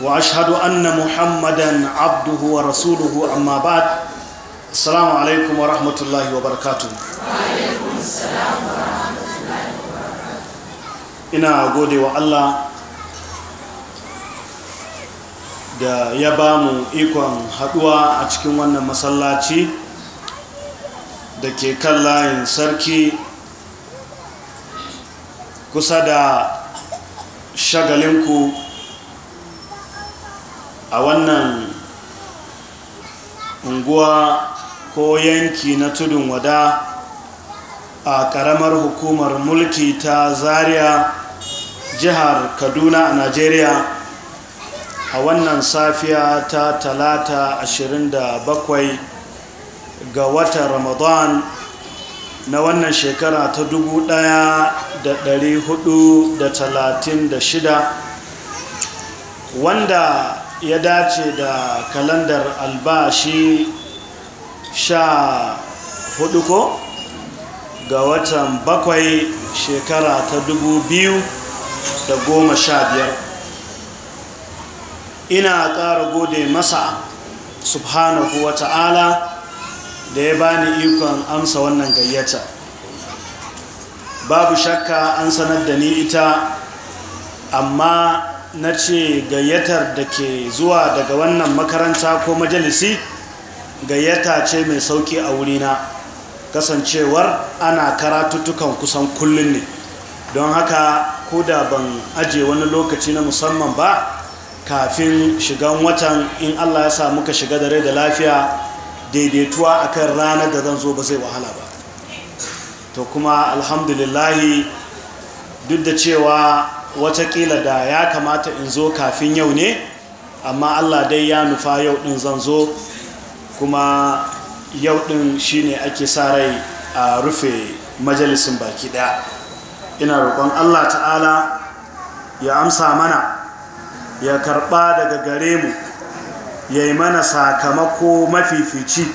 واشهد ان محمدا عبده ورسوله اما بعد السلام عليكم ورحمه الله وبركاته وعليكم السلام ورحمه الله وبركاته ina gode wa da ya ba mu ikon haduwa a cikin wannan masallaci da ke kan layin sarki kusa da shagalinku a wannan unguwa ko yanki na tudun wada a karamar hukumar mulki ta zaria jihar kaduna a najeriya a wannan safiya ta talata 27 ga watan ramadan na wannan shekara ta 1436 wanda ya dace da kalandar albashi sha hudu ko ga watan bakwai shekara ta dubu biyu da goma sha biyar ina ƙara gode masa subhanahu wa ta'ala da ya bani ikon amsa wannan gayyata babu shakka an sanar da ni ita amma na ce gayyatar da ke zuwa daga wannan makaranta ko majalisi gayyata ce mai sauki a wurina kasancewar ana karatuttukan kusan kullum ne don haka ko da ban aje wani lokaci na musamman ba kafin shigan watan in allah ya samu ka shiga da rai da lafiya daidaituwa akan ranar da zan zo ba zai wahala ba to kuma alhamdulillahi duk da cewa watakila da ya kamata in zo kafin yau ne amma allah dai ya nufa yau ɗin zan zo kuma yau ɗin shine ake sa rai a rufe majalisin baki ɗaya ina roƙon allah ta'ala ya amsa mana ya karɓa daga gare mu ya yi mana sakamako mafifici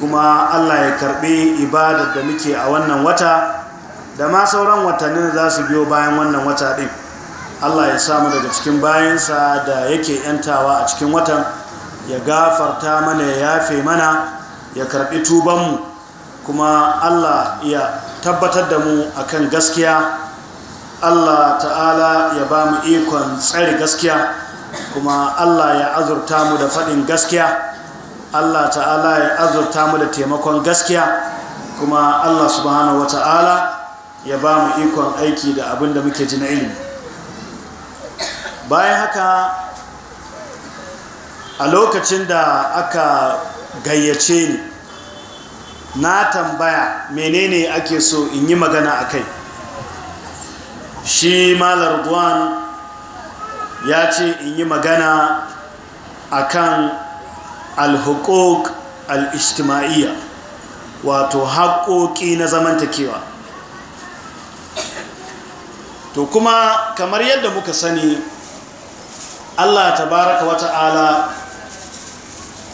kuma allah ya karɓi ibadar da muke a wannan wata da ma sauran watanni za su biyo bayan wannan wata ɗin allah ya samu daga cikin bayansa da yake yantawa a cikin watan ya gafarta mana ya yafe mana ya karɓi tubanmu kuma allah ya tabbatar da mu akan gaskiya allah ta'ala ya ba mu ikon tsari gaskiya kuma allah ya azurta mu da faɗin gaskiya allah ta'ala ya azurta mu da taimakon gaskiya kuma allah subhanahu wa ta'ala ya ba mu ikon aiki da abin da muke ji na ilimi bayan haka a lokacin da aka gayyace ni na tambaya menene ake so in yi magana a kai shi malar duwan ya ce in yi magana a kan alhukuk ishtimaiyya wato haƙoƙi na zamantakewa to kuma kamar yadda muka sani Allah tabaraka wa ta'ala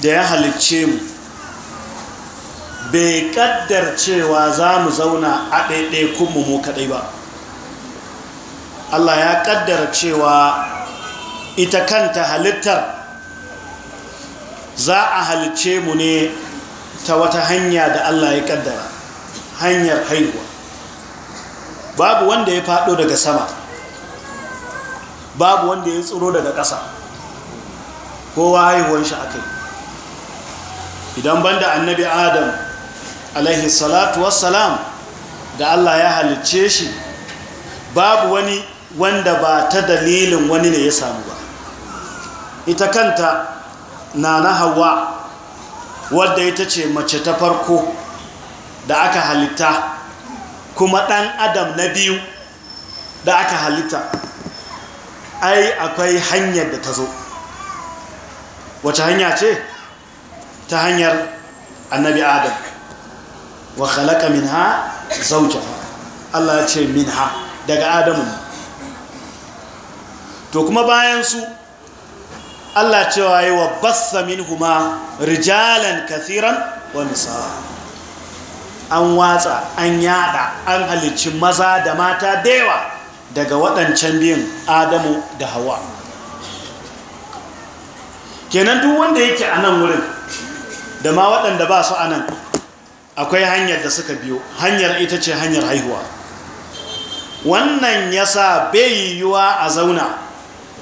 da ya halicce mu bai kaddar cewa za mu zauna a kunmu mu kaɗai ba Allah ya kaddar cewa ita kanta halittar za a halicce mu ne ta wata hanya da Allah ya kaddara hanyar haihuwa babu wanda ya faɗo daga sama babu wanda ya tsoro daga ƙasa kowa haihuwan shi aka idan banda annabi adam alaihi salatu wassalam da Allah ya halicce shi babu wani wanda ba ta dalilin wani ne ya samu ba ita kanta na na hawa wadda ita ce mace ta farko da aka halitta kuma ɗan adam na biyu da aka halitta ai akwai hanyar da ta zo wace hanya ce ta hanyar annabi adam wa min minha zauja Allah ya ce minha daga adamu to kuma bayan su Allah cewa yi wa basa min huma rijalan kathiran wa nisaa an watsa an yada an halicci maza da mata da yawa daga waɗancan biyun adamu da hawa kenan duk wanda yake a nan wurin da ma waɗanda ba su a nan akwai hanyar da suka biyo hanyar ita ce hanyar haihuwa wannan ya sa bai yiwuwa a zauna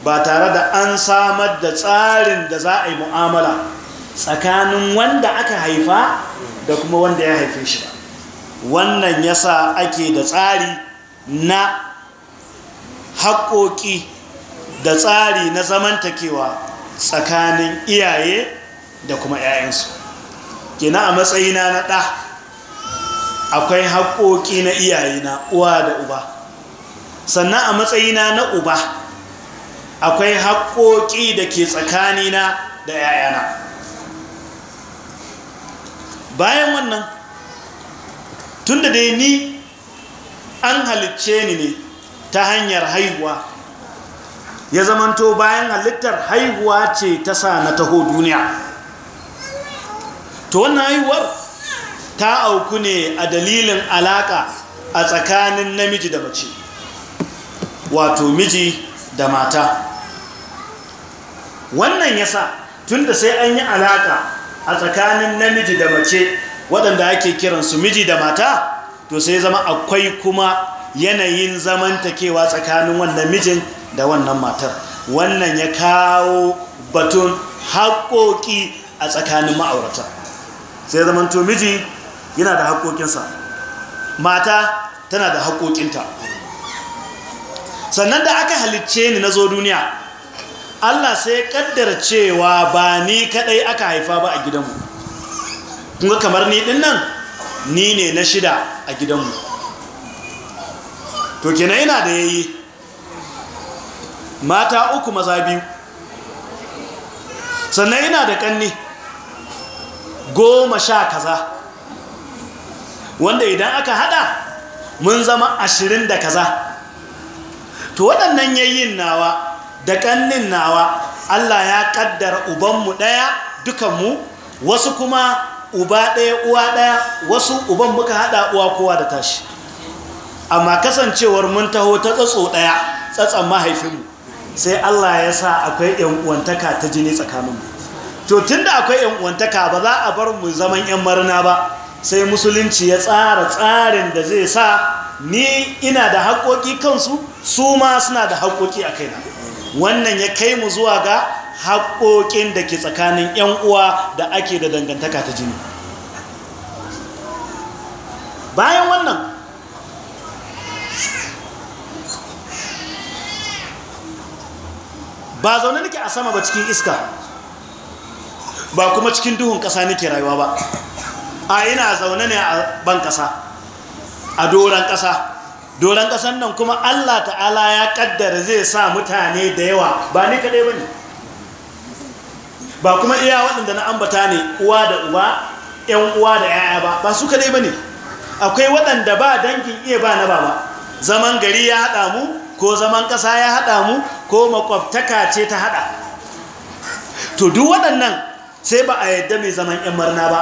ba tare da an samar da tsarin da za a yi mu'amala tsakanin wanda aka haifa da kuma wanda ya haife shi ba wannan yasa ake da tsari na haƙoƙi da tsari na zamantakewa tsakanin iyaye da kuma 'ya'yansu kina a matsayina na ɗa akwai haƙoƙi na iyayena na uwa da uba sannan a matsayina na uba akwai haƙoƙi da ke tsakanina da 'ya'yana bayan wannan Tun da dai ni an halicce ni ne ta hanyar haihuwa ya zamanto bayan halittar haihuwa ce ta sa na taho duniya to wannan haihuwar ta auku ne a dalilin alaka a tsakanin namiji da mace wato miji da mata wannan yasa tunda sai an yi alaka a tsakanin namiji da mace waɗanda ake kiransu miji da mata to sai zama akwai kuma yanayin zamantakewa tsakanin wannan mijin da wannan matar wannan ya kawo batun haƙoƙi a tsakanin ma'aurata sai zamanto miji yana da haƙoƙinsa mata tana da haƙoƙinta sannan da aka halicce ni na zo duniya allah sai ya ƙaddara cewa ba ni kaɗai aka haifa ba a gidanmu Kunga kamar ni din nan ni ne na shida a gidanmu to kenan yana da yayi mata uku maza biyu sannan yana da kanni goma sha kaza wanda idan aka hada mun zama ashirin da kaza to waɗannan yayin nawa da kannin nawa Allah ya kaddara ubanmu ɗaya dukanmu wasu kuma uba ɗaya uwa ɗaya wasu uban muka haɗa uwa kowa da tashi amma kasancewar mun taho ta tsatso ɗaya tsatson mahaifinmu sai allah ya sa akwai uwantaka ta jini tsakaninmu to tun da akwai uwantaka ba za a bar mu zaman 'yan marina ba sai musulunci ya tsara tsarin da zai sa ni ina da haƙoƙi kansu su ma suna da haƙoƙi a kaina wannan ya kai mu zuwa ga haƙoƙin da ke tsakanin 'yan uwa da ake da dangantaka ta jini bayan wannan ba zaune nake a sama ba cikin iska ba kuma cikin duhun ƙasa nake rayuwa ba a ina zaune ne a ban ƙasa a doron ƙasa doron ƙasan nan kuma allah ta'ala ya ƙaddara zai sa mutane da yawa ba ni kaɗai ba ne ba kuma iya waɗanda na ambata ne uwa da uba ‘yan uwa da ‘ya'ya ba ba su kaɗai ba ne akwai waɗanda ba dangin iya ba na baba zaman gari ya haɗa mu ko zaman ƙasa ya haɗa mu ko makwabtaka ce ta haɗa to duk waɗannan sai ba a yadda mai zaman ‘yan marna ba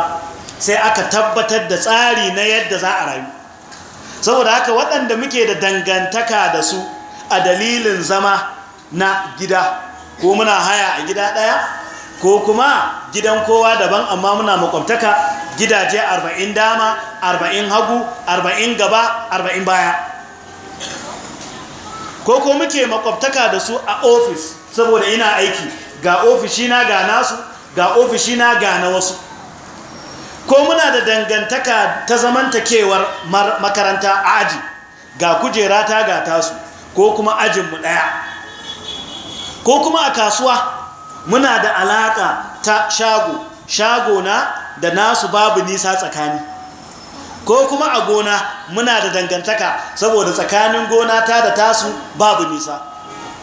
sai aka tabbatar da tsari na yadda za a rayu saboda haka waɗanda muke da dangantaka da su a dalilin zama na gida ko muna haya a gida ɗaya ko kuma gidan kowa daban amma muna makwabtaka gidaje arba'in dama arba'in hagu arba'in gaba arba'in baya ko ko muke makwabtaka da su a ofis saboda ina aiki ga ofishina ga nasu ga ofishina ga na wasu ko muna da dangantaka ta zamantakewar makaranta a aji ga kujera ta ga tasu ko kuma ajinmu ɗaya ko kuma a kasuwa muna da alaƙa ta shago shago na da nasu babu nisa tsakani ko kuma a gona muna da dangantaka saboda tsakanin gona ta da tasu babu nisa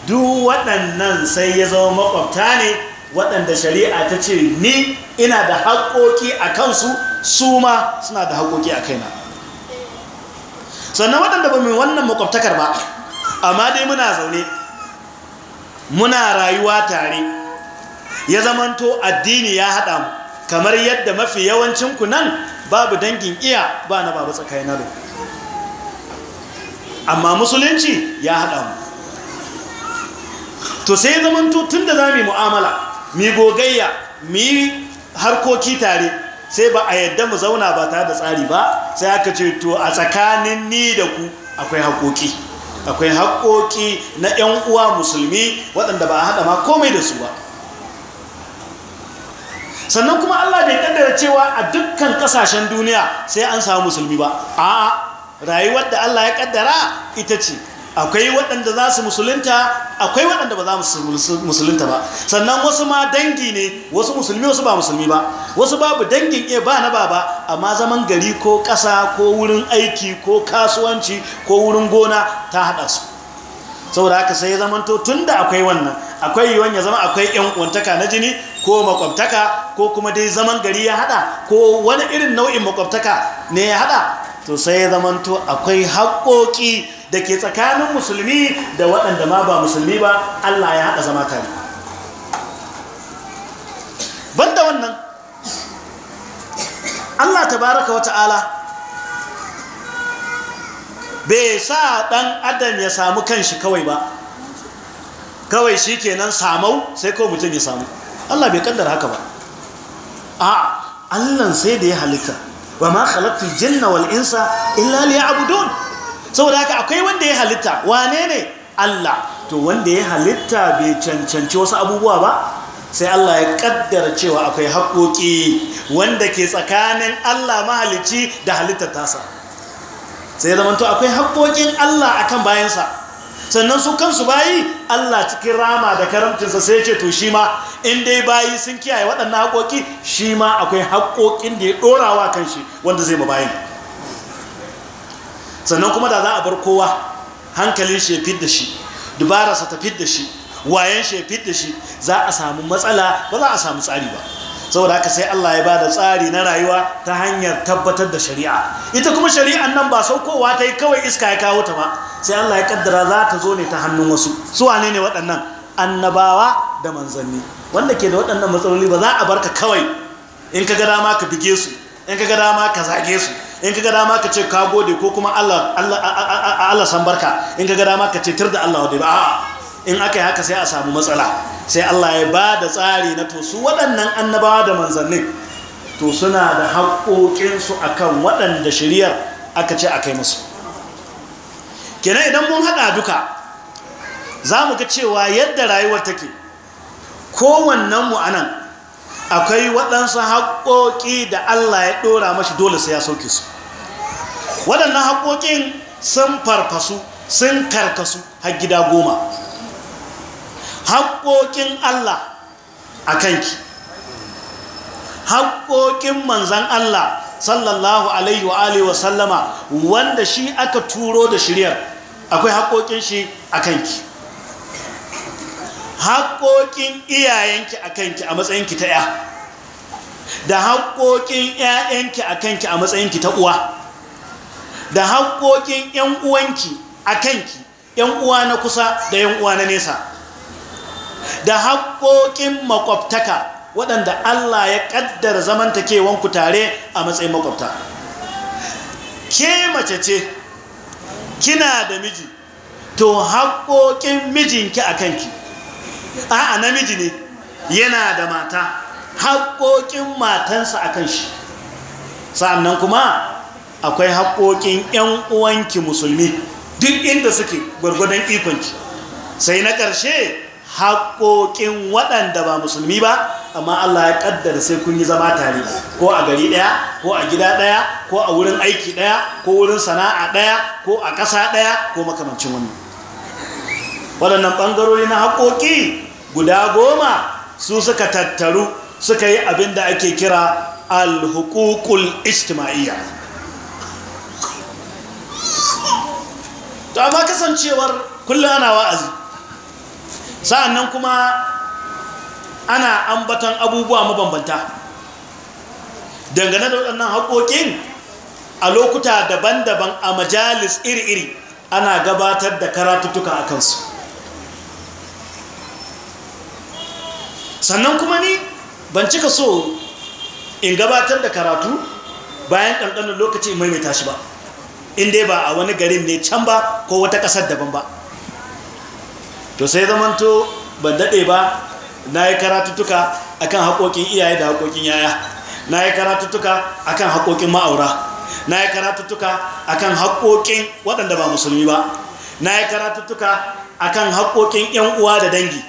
duk waɗannan sai ya zama makwabta ne waɗanda shari'a ta ce ni ina da haƙoƙi a kansu su ma suna da haƙoƙi a kaina sannan waɗanda ba mai wannan makwabtakar ba amma dai muna zaune muna rayuwa tare ya zamanto addini ya haɗa mu kamar yadda mafi yawancinku nan babu dangin iya ba na babu tsakai na amma musulunci ya haɗa mu to sai ya zamanto tun da za mu mu'amala mu gogayya mu harkoki tare sai ba a yadda mu zauna ba tare da tsari ba sai aka ce to a tsakanin ni da ku akwai haƙoƙi akwai haƙoƙi na 'yan uwa musulmi waɗanda ba a haɗa ma komai da su ba sannan kuma Allah bai kaddara cewa a dukkan kasashen duniya sai an samu musulmi ba a'a rayuwar da Allah ya kaddara ita ce akwai waɗanda za su musulunta akwai waɗanda ba za su musulunta ba sannan wasu ma dangi ne wasu musulmi wasu ba musulmi ba wasu babu dangin iya eh, ba na baba amma zaman gari ko ƙasa ko wurin aiki ko kasuwanci ko wurin gona ta haɗa su saboda haka sai ya zamanto tun da akwai wannan akwai yiwuwan ya zama akwai 'yan uwantaka na jini ko makwabtaka ko kuma dai zaman gari ya hada ko wani irin nau'in makwabtaka ne ya hada to sai ya to akwai haƙoƙi da ke tsakanin musulmi da waɗanda ma ba musulmi ba Allah ya haɗa zama tare banda wannan Allah tabaraka wata'ala bai sa ɗan adam ya samu kanshi kawai ba kawai shi kenan samau sai ko mutum ya samu Allah bai kaddara haka ba a Allah sai da ya halitta ba ma khalaqtul janna wal insa illa liya'budun saboda haka akwai wanda ya halitta wane ne Allah to wanda ya halitta bai cancanci wasu abubuwa ba sai Allah ya kaddara cewa akwai haƙoƙi wanda ke tsakanin Allah mahalicci da halittar tasa sai zamanto akwai haƙoƙin Allah akan bayansa sannan su kansu bayi Allah cikin rama da karamcinsa sai ce to shi ma in dai bayi sun kiyaye waɗannan haƙoƙi shi ma akwai haƙoƙin da ya ɗorawa kan shi wanda zai ma bayi. sannan kuma da za a bar kowa hankalin shi ya da shi dubararsa ta da shi wayan shi ya da shi za a samu matsala ba za a samu tsari ba saboda haka sai Allah ya bada tsari na rayuwa ta hanyar tabbatar da shari'a ita kuma shari'an nan ba kowa ta yi kawai iska ya kawo ta ba sai Allah ya kaddara za ta zo ne ta hannun wasu su wane ne waɗannan annabawa da manzanni wanda ke da waɗannan matsaloli ba za a barka kawai in ka ga dama ka bige su in ka ga dama ka zage su in ka ga dama ka ce ka gode ko kuma Allah Allah san barka in ka ga dama ka ce tir da Allah wadai ba a'a in aka yi haka sai a samu matsala sai Allah ya ba da tsari na to su waɗannan annabawa da manzannin to suna da haƙoƙinsu a kan waɗanda shiriyar aka ce a kai musu kenan idan mun haɗa duka za mu ga cewa yadda rayuwar take kowannenmu a nan akwai waɗansu haƙoƙi da Allah ya ɗora mashi dole sai ya sauke su waɗannan haƙoƙin sun farfasu sun karkasu har gida goma haƙoƙin Allah a kanki haƙoƙin manzan Allah sallallahu alaihi wa alihi wa sallama wanda shi aka turo da shiryar akwai haƙoƙin shi a kanki haƙoƙin iyayenki a kanki a matsayinki ta ya da haƙoƙin ‘ya'yanki a kanki a matsayinki ta uwa da haƙoƙin ‘yan uwanki a kanki ‘yan uwa na kusa da ‘yan uwa na nesa da haƙoƙin maƙwabtaka waɗanda Allah ya ƙaddar zamantakewanku tare a matsayin makwabta ke mace ce kina da miji to haƙoƙin mijinki a kanki a'a namiji ne yana da mata haƙoƙin matansa a kan shi sa'annan kuma akwai haƙoƙin 'yan uwanki musulmi duk inda suke gwargwadon ikonki sai na ƙarshe haƙoƙin waɗanda ba musulmi ba amma Allah ya ƙaddara sai kun yi zama tare ko a gari ɗaya ko a gida ɗaya ko a wurin aiki ɗaya ko wurin sana'a ɗaya ko a ƙasa ɗaya ko makamancin wannan waɗannan ɓangarori na haƙoƙi guda goma su suka tattaru suka yi abin da ake kira alhukukul istima'iyya. to amma kasancewar kullum ana wa'azi sa'annan kuma ana ambatan abubuwa mabambanta dangane da waɗannan haƙoƙin a lokuta daban-daban a majalis iri-iri ana gabatar da karatuttuka a kansu sannan kuma ni ban cika so in gabatar da karatu bayan ƙanƙanin lokaci maimaita shi ba inda ba a wani garin ne can ba ko wata ƙasar daban ba to sai zamanto ban daɗe ba na yi karatuttuka kan haƙoƙin iyaye da haƙoƙin yaya na yi karatuttuka kan haƙoƙin ma'aura na yi karatuttuka kan haƙoƙin waɗanda ba musulmi ba na yi karatuttuka kan haƙoƙin 'yan uwa da dangi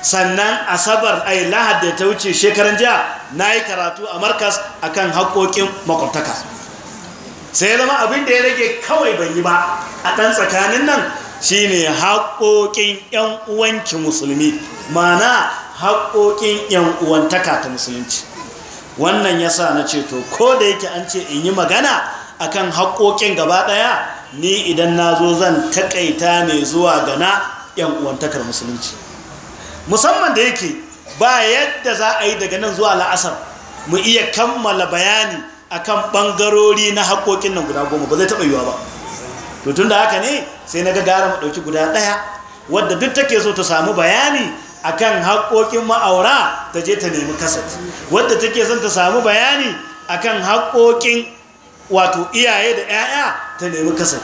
sannan asabar ai lahar da ta wuce shekaran jiya na yi karatu a markas a kan haƙoƙin makwabtaka sai zama abin da ya rage kawai ban yi ba a ɗan tsakanin nan Shi ne haƙoƙin yan uwanki musulmi mana haƙoƙin yan uwantaka ta musulunci wannan ya sa na ce to ko da yake an ce in yi magana akan haƙoƙin gaba ɗaya ni idan na zo zan taƙaita ne zuwa gana yan uwantakar musulunci musamman da yake ba yadda za a yi daga nan zuwa la'asar mu iya kammala bayani akan ɓangarori na haƙoƙin nan guda goma ba zai taɓa yiwa ba to tun da haka ne sai na ga gara mu ɗauki guda ɗaya wadda duk take so ta samu bayani akan haƙoƙin ma'aura ta je ta nemi kasat wadda take son ta samu bayani akan haƙoƙin wato iyaye da 'ya'ya ta nemi kasat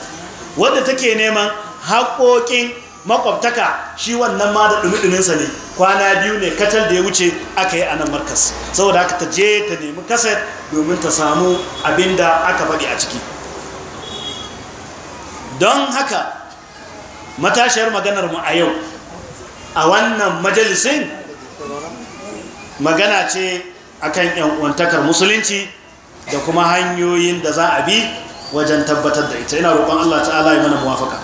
wadda take neman haƙoƙin makwabtaka shi wannan ma da ɗumi-ɗuminsa ne kwana biyu ne kacal da ya wuce aka yi a nan markas saboda aka ta je ta nemi kasar domin ta samu abin da aka faɗi a ciki don haka matashiyar maganar mu a yau a wannan majalisin magana ce akan yan uwantakar musulunci da kuma hanyoyin da za a bi wajen tabbatar da ita Yana roƙon Allah ta'ala yi mana muwafaka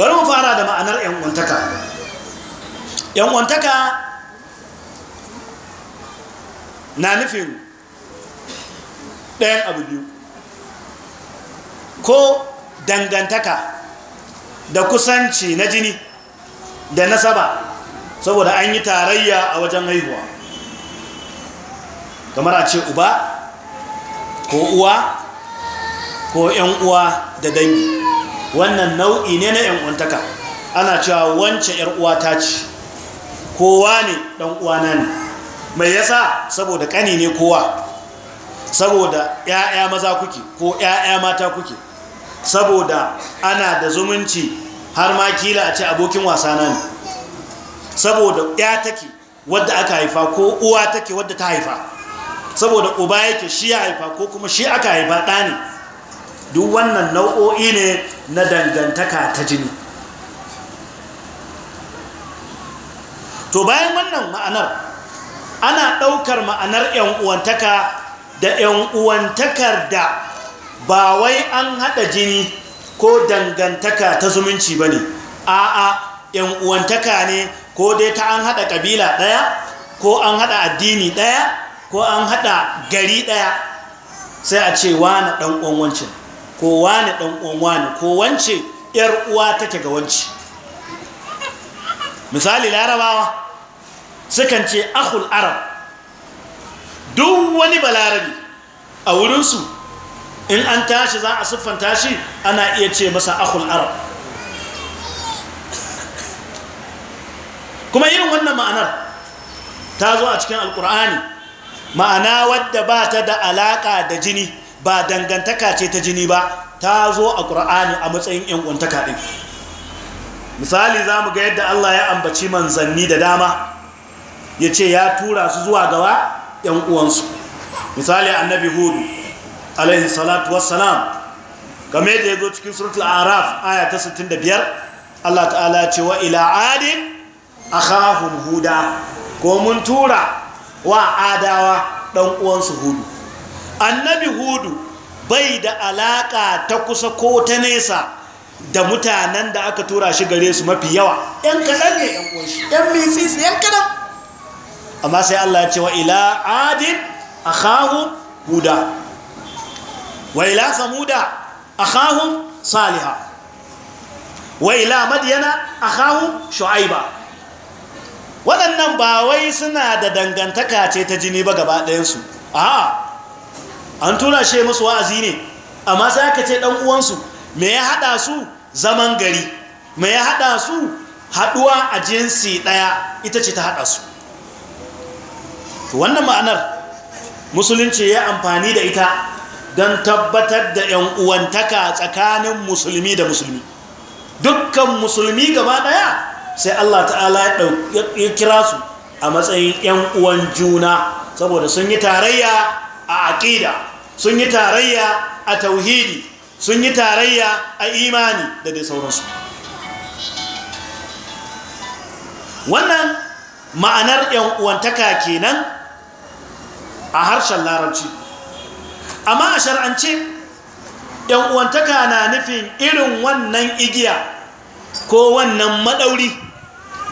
bari mu fara da ma'anar yan uwantaka na nufin ɗayan abu biyu ko dangantaka da kusanci na jini da nasaba saboda an yi tarayya a wajen haihuwa kamar a ce uba ko uwa ko yan uwa da dangi wannan nau'i ne na yan uwantaka ana cewa wance yar uwa ta ce kowa ne dan uwana ne mai yasa saboda kani ne kowa saboda 'ya'ya maza kuke ko 'ya'ya mata kuke saboda ana da zumunci har ma kila a ce abokin wasa na ne saboda ya take wadda aka haifa ko uwa take wadda ta haifa saboda uba yake shi ya haifa ko kuma shi aka haifa ɗa ne duk wannan nau'o'i ne na dangantaka ta jini to bayan wannan ma'anar ana ɗaukar ma'anar 'yan uwantaka da 'yan uwantakar da ba wai an haɗa jini ko dangantaka ta zumunci ba ne a'a yan uwantaka ne ko dai ta an haɗa ƙabila ɗaya ko an haɗa addini ɗaya ko an haɗa gari ɗaya sai a ce wani ɗan wancin ko wani ɗan uwan ko wance ‘yar uwa take ga wanci misali larabawa sukan ce ahul arab duk wani balarabi a wurinsu in an tashi za a siffan tashi ana iya ce masa akul arab kuma irin wannan ma'anar ta zo a cikin alkur'ani ma'ana wadda ba ta da alaƙa da jini ba dangantaka ce ta jini ba ta zo a ƙur'ani a matsayin 'yan ɗin misali za mu ga yadda Allah ya ambaci manzanni da dama ya ce ya tura su zuwa gawa 'yan uwansu misali annabi hudu alaihi salatu wassalam game da ya zo cikin surat araf aya ta 65 Allah ta'ala ce wa ila adin akhahum huda ko mun tura wa adawa dan uwansu hudu annabi hudu bai da alaƙa ta kusa ko ta nesa da mutanen da aka tura shi gare su mafi yawa ‘yan kaɗan ne ‘yan ƙunshi ‘yan amma sai Allah ya ce wa ila adin a huda Waila ila samuda akhahum saliha wa ila madyana akhahum shu'aiba waɗannan ba wai suna da dangantaka ce ta jini ba gaba ɗayansu a'a an tura shi musu wa'azi ne amma sai aka ce ɗan uwansu me ya haɗa su zaman gari me ya haɗa su haɗuwa a jinsi ɗaya ita ce ta haɗa su wannan ma'anar musulunci ya amfani da ita don tabbatar da ‘yan uwantaka tsakanin musulmi da musulmi dukkan musulmi gaba ɗaya sai Allah ta'ala ya kira su a matsayin ‘yan uwan juna saboda sun yi tarayya a aƙida sun yi tarayya a tauhidi sun yi tarayya a imani da dai sauransu wannan ma'anar ‘yan uwantaka kenan a harshen larabci amma a shar'ance yan uwantaka na nufin irin wannan igiya ko wannan maɗauri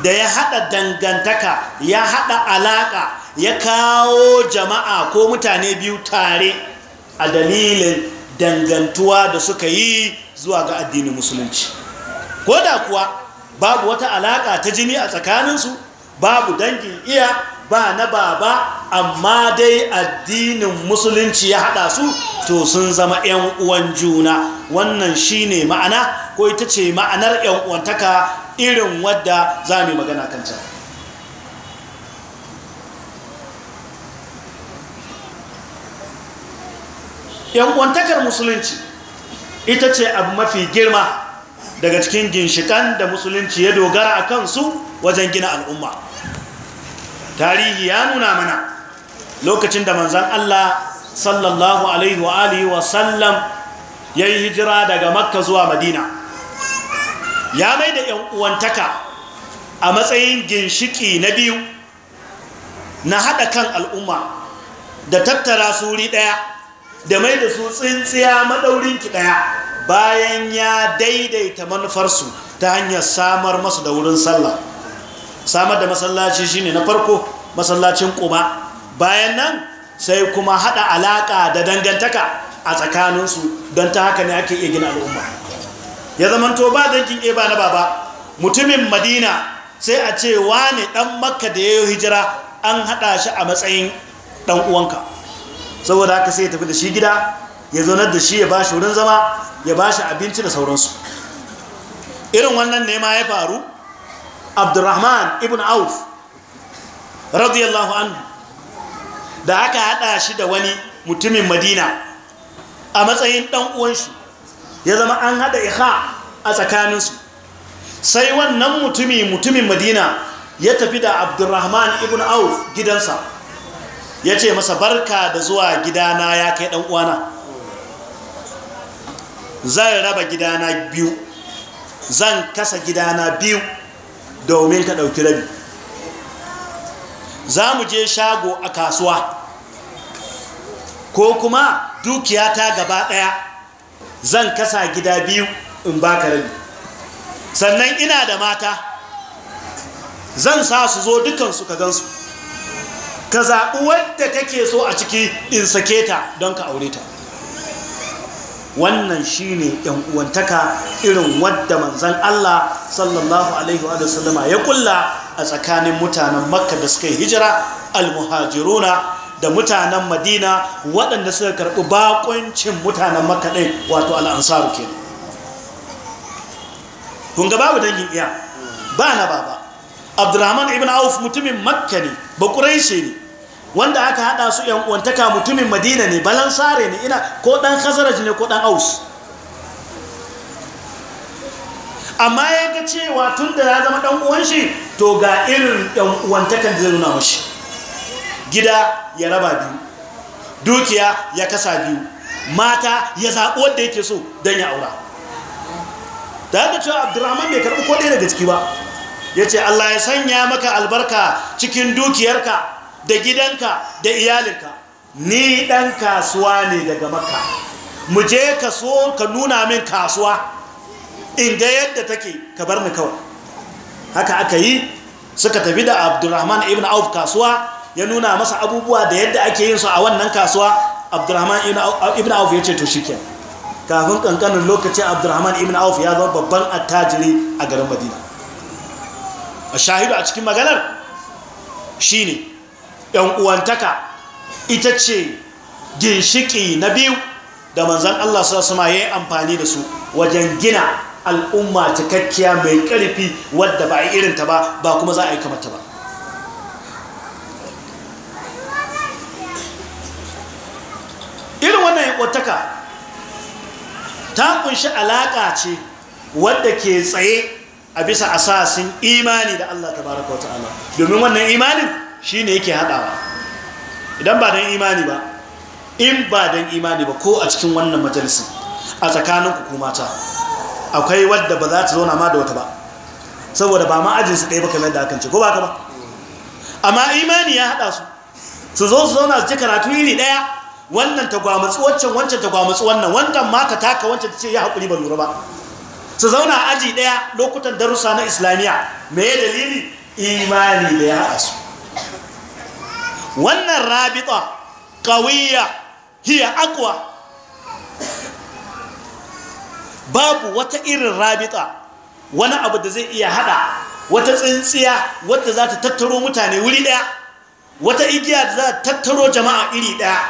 da ya haɗa dangantaka ya haɗa alaƙa ya kawo jama'a ko mutane biyu tare a dalilin dangantuwa da suka yi zuwa ga addinin musulunci ko da kuwa babu wata alaƙa ta jini a tsakaninsu babu dangin iya ba na baba amma dai addinin musulunci ya haɗa su to sun zama 'yan uwan juna wannan shine ma'ana ko ita ce ma'anar 'yan uwantaka irin wadda za mu magana kan ta ‘yan uwantakar musulunci ita ce abu mafi girma daga cikin ginshikan da musulunci ya dogara a kansu wajen gina al'umma tarihi ya nuna mana lokacin da manzan Allah sallallahu alaihi wa wa sallam ya yi hijira daga makka zuwa madina ya mai da ‘yan uwantaka a matsayin ginshiki na biyu na haɗa kan al'umma da tattara suri ɗaya da mai da su tsintsiya maɗaurinki ɗaya bayan ya daidaita manufarsu ta hanyar samar masu da wurin sallah samar da masallaci shine na farko masallacin kuma bayan nan sai kuma hada alaka da dangantaka a tsakaninsu don ta haka ne ake iya gina al'umma ya zamanto ba dangin eba na baba mutumin madina sai a ce ne dan makka da ya yi hijira an hada shi a matsayin dan uwanka saboda haka sai ya tafi da shi gida ya zaunar da shi ya ba shi wurin zama ya ba shi abinci da sauransu irin wannan nema ya faru abdurrahman ibn auf radiyallahu anhu da aka haɗa shi da wani mutumin madina a matsayin ɗan uwansu ya zama an haɗa iha a tsakaninsu sai wannan mutumi mutumin madina ya tafi da abdurrahman ibn auf gidansa ya ce masa barka da zuwa gidana ya kai dan uwana zan raba gidana biyu zan kasa gidana biyu domin ka ɗauki rabi za mu je shago a kasuwa ko kuma dukiya ta gaba ɗaya zan kasa gida biyu in ba ka rabi sannan ina da mata zan sa su zo dukansu ka gansu ka zaɓi wadda kake so a ciki in sake ta don ka aure ta wannan shine yan uwantaka irin wadda manzon Allah sallallahu alaihi wa sallama ya kulla a tsakanin mutanen Makka da suka hijira almuhajiruna da mutanen Madina waɗanda suka karɓi bakuncin mutanen Makka ɗin wato al'ansaru kun ga babu dangin iya ba na baba Abdurrahman ibn Auf mutumin Makka ne ba Quraishi ne wanda aka hada su yan uwantaka mutumin madina ne balansare ne ina ko dan khazaraj ne ko dan aus amma ya ga cewa tun da ya zama dan uwan shi to ga irin yan uwantakan da zai nuna mashi gida ya raba biyu dukiya ya kasa biyu mata ya zaɓi wanda yake so don ya aura da haka cewa abdurrahman bai karɓi ko ɗaya daga ciki ba yace allah ya sanya maka albarka cikin dukiyarka da gidanka da iyalinka ni ɗan kasuwa ne daga maka mu je kaso ka nuna min kasuwa inda yadda take ka bar ni kawai haka aka yi suka tafi da abdurrahman ibn auf kasuwa ya nuna masa abubuwa da yadda ake yin su a wannan kasuwa abdurrahman ibn auf ya ce to shike kafin kankanin lokacin abdurrahman ibn auf ya zama babban attajiri a garin madina a shahidu a cikin maganar shine ne yan uwantaka ita ce ginshiki na biyu da manzan Allah sassama ya yi amfani da su wajen gina al'umma cikakkiya mai ƙarfi wadda ba a irinta ba ba kuma za a yi kamata ba irin wannan yankwataka ta kunshi alaƙa ce wadda ke tsaye a bisa asasin imani da Allah ta baraka wata ala domin wannan imanin shi ne yake haɗawa idan ba don imani ba in ba don imani ba ko a cikin wannan majalisun a tsakanin ku akwai wadda ba za ta zauna ma da wata ba saboda ba ma'ajinsu ɗaya ba kamar da hakan ce ko ba ka ba amma imani ya haɗa su su zo su zauna su ji karatu iri ɗaya wannan ta gwamutsu waccan wancan ta gwamutsu wannan wannan mata taka wancan ta ce ya haƙuri ba lura ba su zauna aji ɗaya lokutan darussa na islamiyya me dalili imani da ya haɗa su wannan rabita Kawiyya, hiya akwa babu wata irin rabita wani abu da zai iya hada wata tsintsiya wadda za ta tattaro mutane wuri daya wata igiya da za ta tattaro jama'a iri daya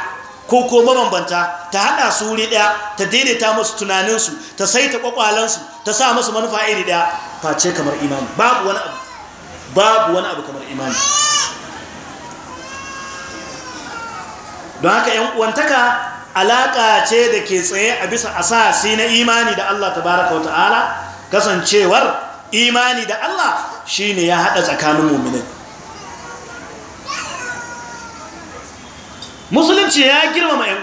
ko ko mabambanta ta hada su wuri daya ta daidaita musu tunaninsu ta saita kwakwalansu ta sa musu manufa iri daya face kamar imani babu wani abu babu wani abu kamar imani don haka yan alaƙa ce da ke tsaye a bisa asasi na imani da Allah baraka wata'ala kasancewar imani da Allah shi ne ya haɗa tsakanin mu'minin musulunci ya girmama yan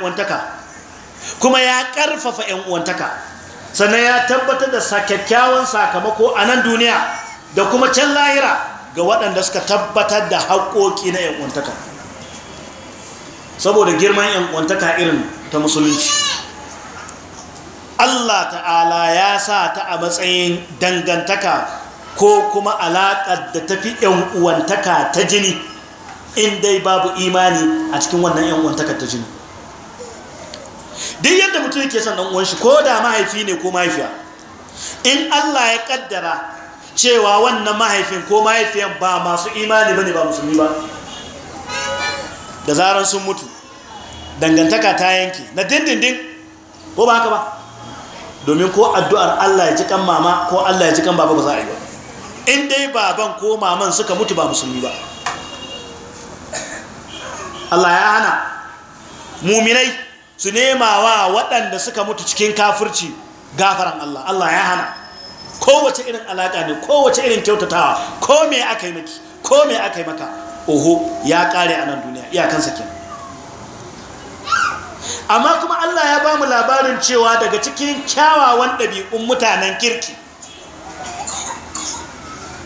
kuma ya ƙarfafa yan sannan ya tabbatar da kyakkyawan sakamako a nan duniya da kuma can lahira ga waɗanda suka tabbatar da haƙoƙi na yan'uwantaka. saboda girman kwantaka irin ta musulunci Allah ta'ala ya sa ta a matsayin dangantaka ko kuma alaƙar da ta fi yankwantaka ta jini in dai babu imani a cikin wannan yankwantaka ta jini duk yadda mutum ke son ɗan shi ko da mahaifi ne ko mahaifiya in Allah ya ƙaddara cewa wannan mahaifin ko mahaifiyan ba masu imani ba ne ba musulmi ba da zarar sun mutu dangantaka ta yanki na dindindin ko ba haka ba domin ko addu'ar Allah ya ci kan mama ko Allah ya ci kan baba ba za a yi ba in dai baban ko maman suka mutu ba musulmi ba Allah ya hana muminai su nema wa waɗanda suka mutu cikin kafirci gafaran Allah Allah ya hana kowace irin alaƙa ne kowace irin kyautatawa ko me aka yi maki ko me aka yi maka oho ya kare a nan duniya iyakansa kenan amma kuma Allah ya ba mu labarin cewa daga cikin kyawawan ɗabi'un mutanen kirki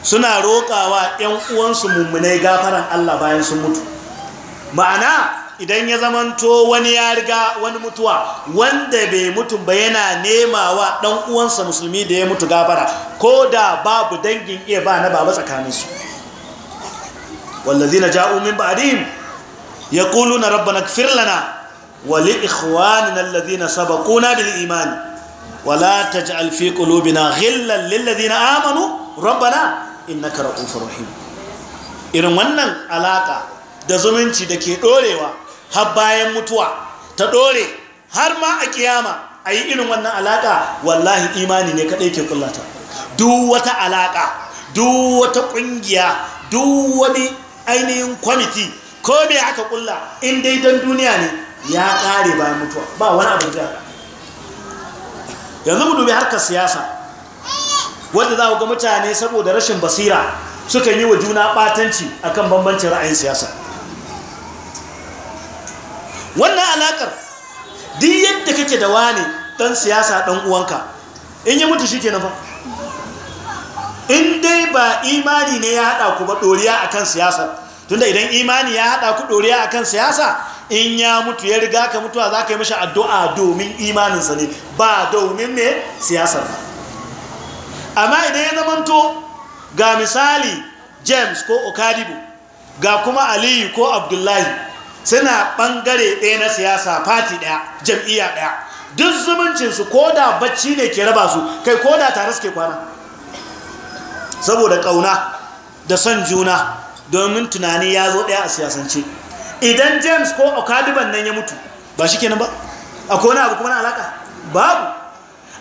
suna roƙawa 'yan uwansu mummunai gafaran Allah bayan sun mutu ma'ana idan ya zamanto wani ya riga wani mutuwa wanda bai mutu ba yana nemawa ɗan uwansa musulmi da ya mutu gafara ko da babu dangin iya ba na baba tsakaninsu والذين جاءوا من بعدهم يقولون ربنا اغفر لنا ولإخواننا الذين سبقونا بالإيمان ولا تجعل في قلوبنا غلا للذين آمنوا ربنا إنك رؤوف رحيم irin wannan alaka da zumunci da ke dorewa har bayan mutuwa ta dore har ma a kiyama a yi irin wannan alaka wallahi imani ne kaɗai ke kullata duk wata alaka duk wata ƙungiya duk wani ainihin kwamiti ko me aka kulla in dai don duniya ne ya kare bayan mutuwa ba wani abin da yanzu mu dubi harkar siyasa wanda za ku ga mutane saboda rashin basira suka yi wa juna batanci a kan bambancin ra'ayin siyasa wannan alaƙar duk yadda kake da wane dan siyasa dan uwanka in yi mutu shi ke fa in dai ba imani ne ya haɗa ku ba ɗoriya a kan siyasa tunda idan imani ya haɗa ku ɗoriya a kan siyasa in ya mutu ya riga ka mutuwa za ka yi mashi addu'a domin imaninsa ne ba domin ne siyasar ba amma idan ya zamanto ga misali james ko okadibu ga kuma aliyu ko abdullahi suna ɓangare ɗaya na siyasa fati ɗaya jam'iyya ɗaya duk zumuncinsu ko da bacci ne ke raba su kai ko da tare suke kwana saboda ƙauna da son juna domin tunani ya zo ɗaya a siyasance idan james ko okaliban nan ya mutu ba shi kenan ba a kone abu kuma na alaƙa babu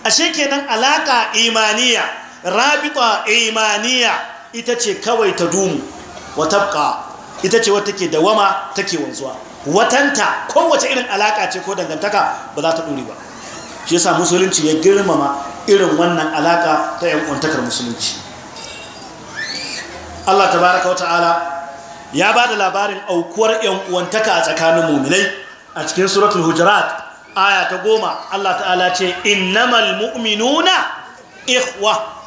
ashe kenan alaƙa imaniya rabita imaniya ita ce kawai ta dumu watafka ita ce wata ke dawama take wanzuwa watanta kowace irin alaƙa ce ko dangantaka ba za ta ɗuri ba shi yasa musulunci ya girmama irin wannan alaƙa ta 'yan musulunci Allah tabaraka wa ta'ala ya ba da labarin aukuwar yan uwantaka a tsakanin muminai a cikin suratul hujurat aya ta goma Allah ta'ala ce innamal mu'minuna ikhwa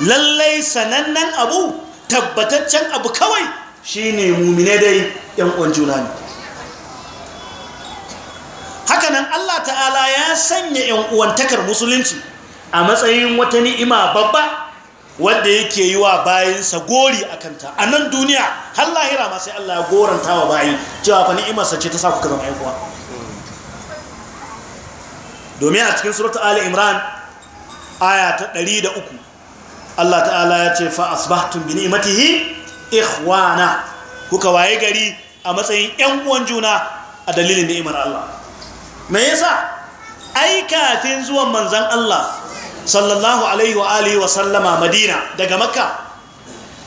lallai sanannen abu tabbataccen abu kawai shine mumine dai yan uwan juna ne hakanan Allah ta'ala ya sanya yan uwantakar musulunci a matsayin wata ni'ima babba wanda yake yi wa bayinsa gori a kanta a nan duniya har lahira ma sai Allah ya goranta wa bayi cewa fa ni'imarsa ce ta sa kuka zama aikuwa domin a cikin suratu ali imran aya ta 103 Allah ta'ala ya ce fa asbahtum bi ni'matihi ikhwana kuka waye gari a matsayin ƴan uwan juna a dalilin ni'imar Allah me yasa ai kafin zuwan manzon Allah sallallahu alaihi wa alihi wa sallama madina daga makka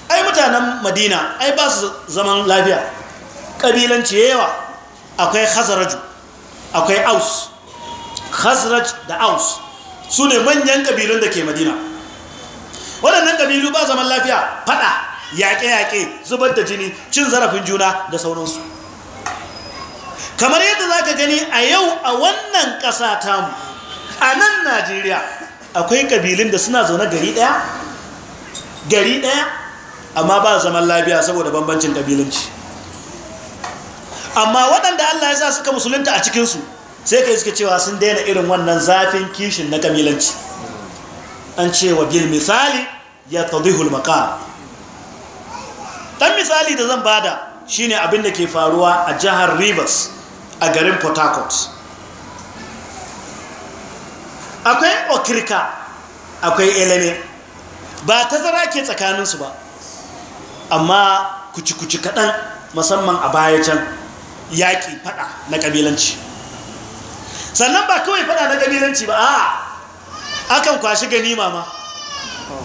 ai mutanen madina ai ba su zaman lafiya ƙabilanci yawa akwai khazaraju akwai aus khazraj da aus su ne manyan ƙabilun da ke madina waɗannan ƙabilu ba zaman lafiya faɗa yaƙe-yaƙe zubar da jini cin zarafin juna da sauransu kamar yadda za ka gani a yau a wannan ƙasa tamu a nan najeriya akwai ƙabilun da suna zaune gari ɗaya gari ɗaya amma ba zaman lafiya saboda bambancin kabilinci amma waɗanda Allah ya sa suka musulunta a cikinsu sai ka suka cewa sun daina irin wannan zafin kishin na kabilinci an ce wa bil misali ya tadihul maqam Ɗan misali da zan bada shine abin da ke faruwa a jihar Rivers a garin Port Harcourt akwai okirka akwai eleme ba tazara ke tsakaninsu ba amma kuci-kuci kaɗan musamman a baya can yaƙi faɗa na ƙabilanci sannan ba kawai faɗa na ƙabilanci ba a akan kwashi ganima ma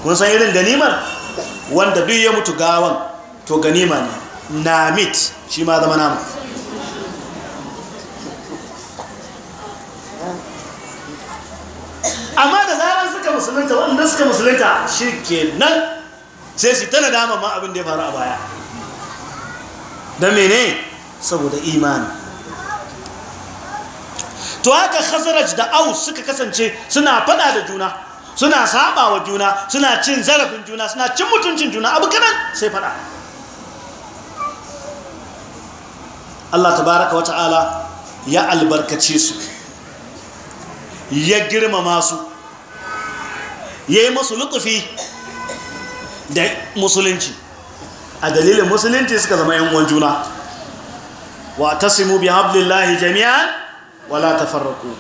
kun san irin ganimar wanda biyu ya mutu gawan to ganima ne na mit shi ma zama nama amma da zarar suka musulunta wanda suka musulunta shi ke nan sai su tana dama ma abin da ya faru a baya don mene saboda imani to haka khazaraj da aus suka kasance suna fada da juna suna saba wa juna suna cin zarafin juna suna cin mutuncin juna abu kanan sai fada Allah tabaraka wa ta'ala ya albarkace su ya girmama su ya yi masu lutufi da musulunci a dalilin musulunci suka zama yankuwan juna wa ta simu bi hablillahi jami'an wala ta farraku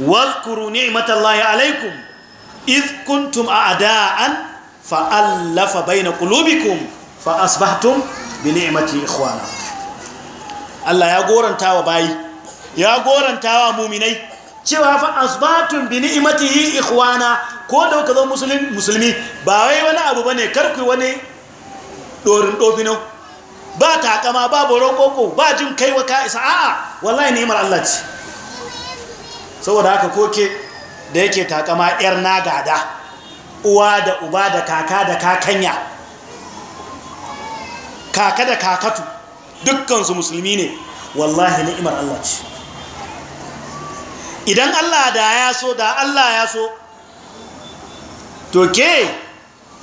wazkuru ni'matallahi alaikum iz kuntum a'da'an fa'allafa baina qulubikum fa asbahtum bi ni'mati ikhwana Allah ya goranta wa bayi ya goranta wa muminai cewa fa asbatun bi ni'matihi ikhwana ko da kuka zo musulmi ba wai wani abu bane ne karku wani ɗorin ɗofino ba takama ba boron koko ba jin kai wa isa a'a wallahi ni'imar Allah ce saboda haka koke da yake takama yar na gada uwa da uba da kaka da kakanya kaka da kakatu dukkansu musulmi ne wallahi ni'imar Allah ce idan Allah da ya so da Allah ya so to ke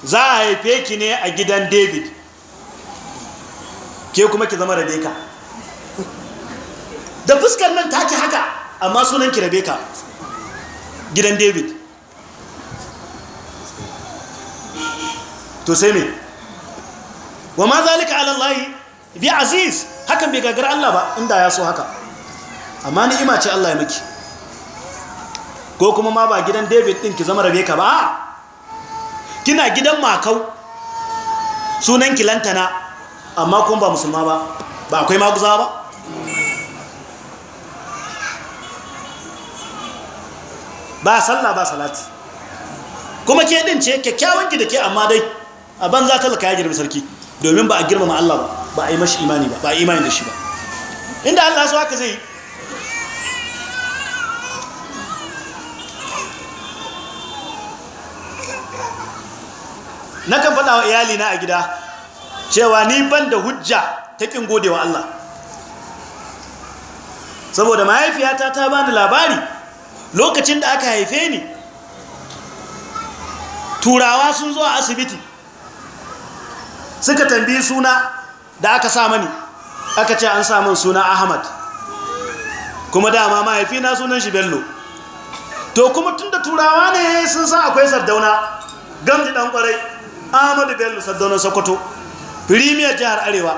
za a haife ki ne a gidan david ke kuma ki zama rabeka da fuskar nan ta ki haka amma sunan ki rabeka gidan david to sai me wa ma zalika ala allahi bi aziz hakan bai gagar Allah ba inda ya so haka amma ni'ima ce Allah ya miki ko kuma ma ba gidan david din ki zama rabeka ba kina gidan makau sunan kilantana amma kuma ba musulma ba ba akwai maguza ba ba sallah ba salati kuma ke din ce kyakkyawan ki da ke amma dai a banza talaka ya girma sarki domin ba a girmama Allah ba ba a yi mashi imani ba ba a imani da shi ba inda Allah su haka zai yi nakan faɗa wa iyalina a gida cewa ni ban da hujja ta ƙin gode wa Allah saboda mahaifiyata ta bani labari lokacin da aka haife ni turawa sun zo a asibiti suka tambayi suna da aka sa mani aka ce an samun suna ahmad kuma dama mahaifina sunan shi bello to kuma tun da turawa ne sun sa akwai sardauna gamji ɗan ƙwarai ahmadu bello saddaunan sokoto premier jihar arewa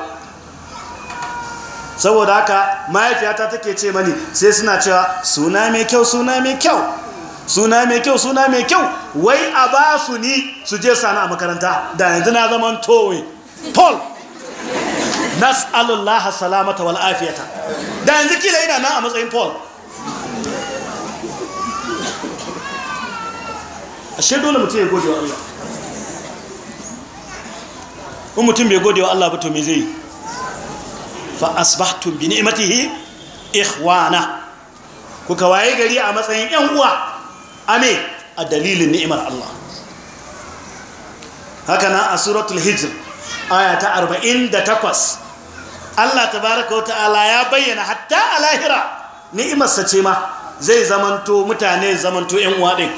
saboda haka mahaifiyata take ce mani sai suna cewa suna mai kyau suna mai kyau suna mai kyau suna mai kyau wai a ba su ni su je sana a makaranta da yanzu na zaman towe paul nas'alullah salamata wal afiyata da yanzu kila ina nan a matsayin paul ashe dole mutum ya gode wa Allah in mutum bai gode wa Allah ba to me zai fa asbahtum bi ni'matihi ikhwana kuka waye gari a matsayin yan uwa ame a dalilin ni'imar Allah haka nan a suratul hijr aya ta 48 Allah tabaraka wa ta'ala ya bayyana hatta a lahira ni'imarsa ce ma zai zamanto mutane zamanto yan uwa din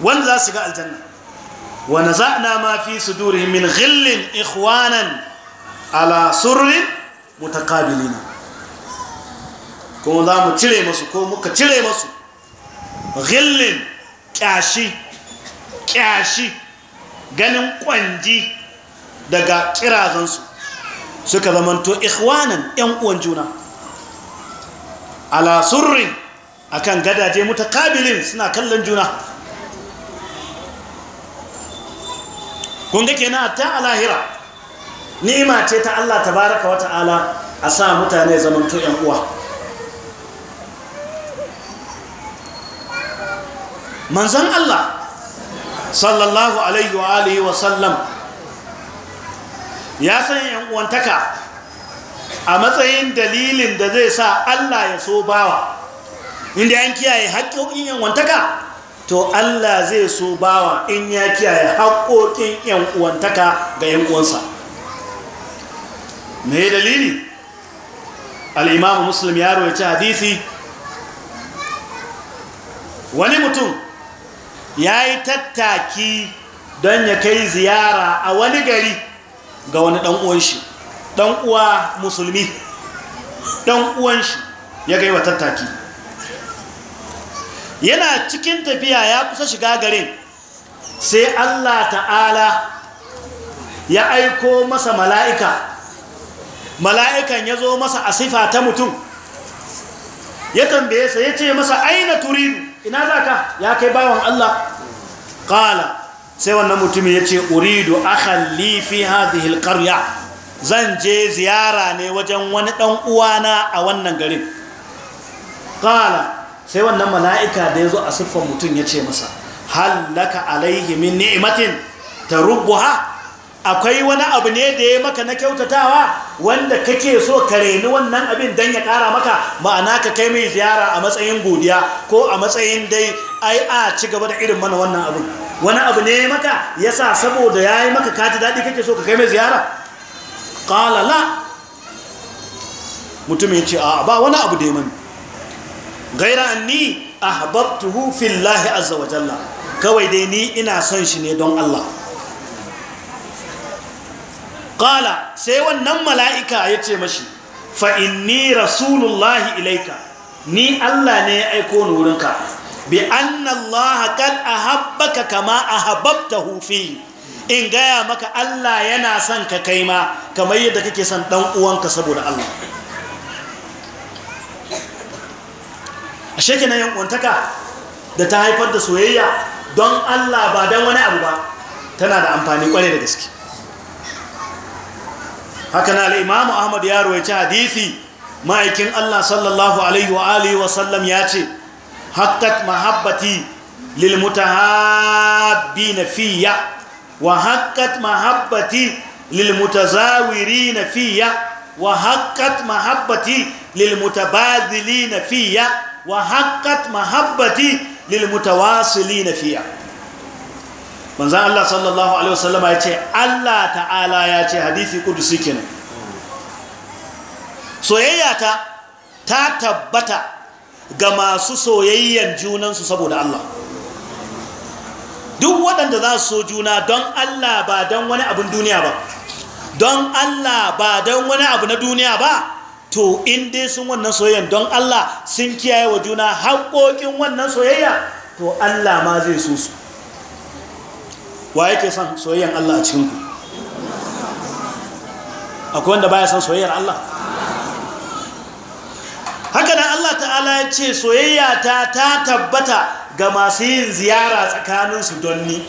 wanda za su ga aljanna wa naza'na ma fi sudurihim min ghillin ikhwanan ala surrin mutaqabilina kuma za mu cire masu ko muka cire masu ghillin kyashi kyashi ganin ƙwanji daga kirazansu suka zamanto ikhwanan yan uwan juna ala surrin akan gadaje mutakabilin suna kallon juna kun ga na hatta a lahira ni'ima ce ta Allah tabaraka wa ta'ala a sa mutane zamanto yan uwa manzon Allah sallallahu alaihi wa alihi wa sallam ya san yan uwantaka a matsayin dalilin da zai sa Allah ya so bawa inda an kiyaye haƙƙoƙin yan uwantaka to Allah zai so bawa in ya kiyaye haƙoƙin yan uwantaka ga yan uwansa me dalili al-Imam Muslim ya rawaita hadisi wani mutum ya yi tattaki don ya kai ziyara a wani gari ga wani uwan shi uwa musulmi uwan shi ya gaiwa tattaki yana cikin tafiya ya kusa shiga garin sai Allah ta'ala ya aiko masa mala'ika mala'ikan ya zo masa a sifa ta mutum ya tambaye sa ya ce masa aina turidu ina za ka ya kai bawan Allah ƙala sai wannan mutum ya ce uridu akhalli fi zan je ziyara ne wajen wani dan uwana a wannan garin ƙala. sai wannan mala'ika da ya zo a siffar mutum ya ce masa hallaka alaihi min ni'imatin ta rubuha akwai wani abu ne da ya maka na kyautatawa wanda kake so ka reni wannan abin don ya ƙara maka ma'ana ka kai mai ziyara a matsayin godiya ko a matsayin dai ai a ci gaba da irin mana wannan abin. wani abu ne ya maka ya sa saboda ya yi maka kati daɗi kake so ka kai mai ziyara ƙalala mutum ya ce a ba wani abu da ya mani gaira anni ahbabtuhu fillahi azza wa jalla kawai dai ni ina son shi ne don Allah qala sai wannan mala'ika ya ce mashi fa inni rasulullahi ilaika ni Allah ne ya aiko ni wurinka bi anna Allah kad ahabbaka kama ahabbtahu fi in gaya maka Allah yana son ka kai ma kamar yadda kake son dan uwanka saboda Allah a shekinan yankwantaka da ta haifar da soyayya don allah ba don wani abu ba tana da amfani kware da gaske haka na al'imamu ahmad ya ruwaici hadithi ma'aikin allah sallallahu alaihi wa alihi ya ce haƙƙat mahabbati lilmutahabbi na fiya wa haƙƙat mahabbati lilmutazawiri na fiya wa haƙƙat mahabbati lilmutabazili na fiya wa haqqat mahabbati lil mutawassilin fiha manzo Allah sallallahu alaihi wasallama yace Allah ta'ala yace hadisi kudusi kenan soyayya ta ta tabbata ga masu soyayyan junansu saboda Allah duk waɗanda za su so juna don Allah ba don wani abin duniya ba don Allah ba don wani abu na duniya ba to in dai sun wannan soyayyan don Allah sun kiyaye wa juna haƙoƙin wannan soyayya to Allah ma zai so su wa yake son soyayyan Allah a cikin ku akwai wanda baya son soyayyar Allah haka nan Allah ta'ala ya ce soyayya ta ta tabbata ga masu yin ziyara tsakaninsu don ni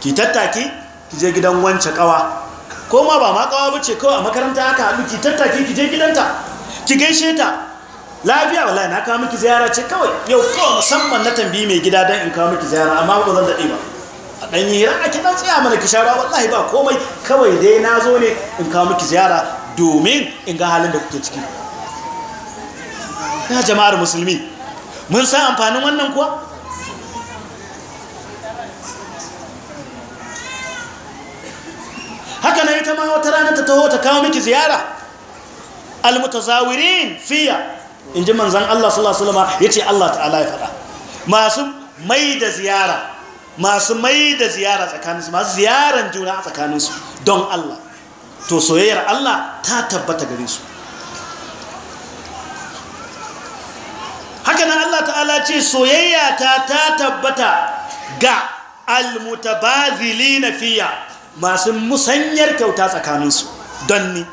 ki tattaki ki je gidan wance kawa ko ma ba makawa bace kawai a makaranta haka haɗu ki tattaki ki je gidanta ki gaishe ta lafiya wallahi na kawo miki ziyara ce kawai yau kawai musamman na tambi mai gida don in kawo miki ziyara amma ba zan daɗe ba a ɗan yi ra'a kina ɗan tsaya mana ki shara wallahi ba komai kawai dai na zo ne in kawo miki ziyara domin in ga halin da kuke ciki na jama'ar musulmi mun san amfanin wannan kuwa haka na ita ma wata rana ta taho ta kawo miki ziyara almutazawirin fiya in ji manzan Allah sallallahu alaihi wasallam yace Allah ta'ala ya faɗa masu mai da ziyara masu mai da ziyara tsakaninsu masu ziyaran juna a tsakaninsu don Allah to soyayyar Allah ta tabbata gare su haka nan Allah ta'ala ce soyayya ta ta tabbata ga almutabazilina fiya masu musanyar kyauta tsakaninsu don ni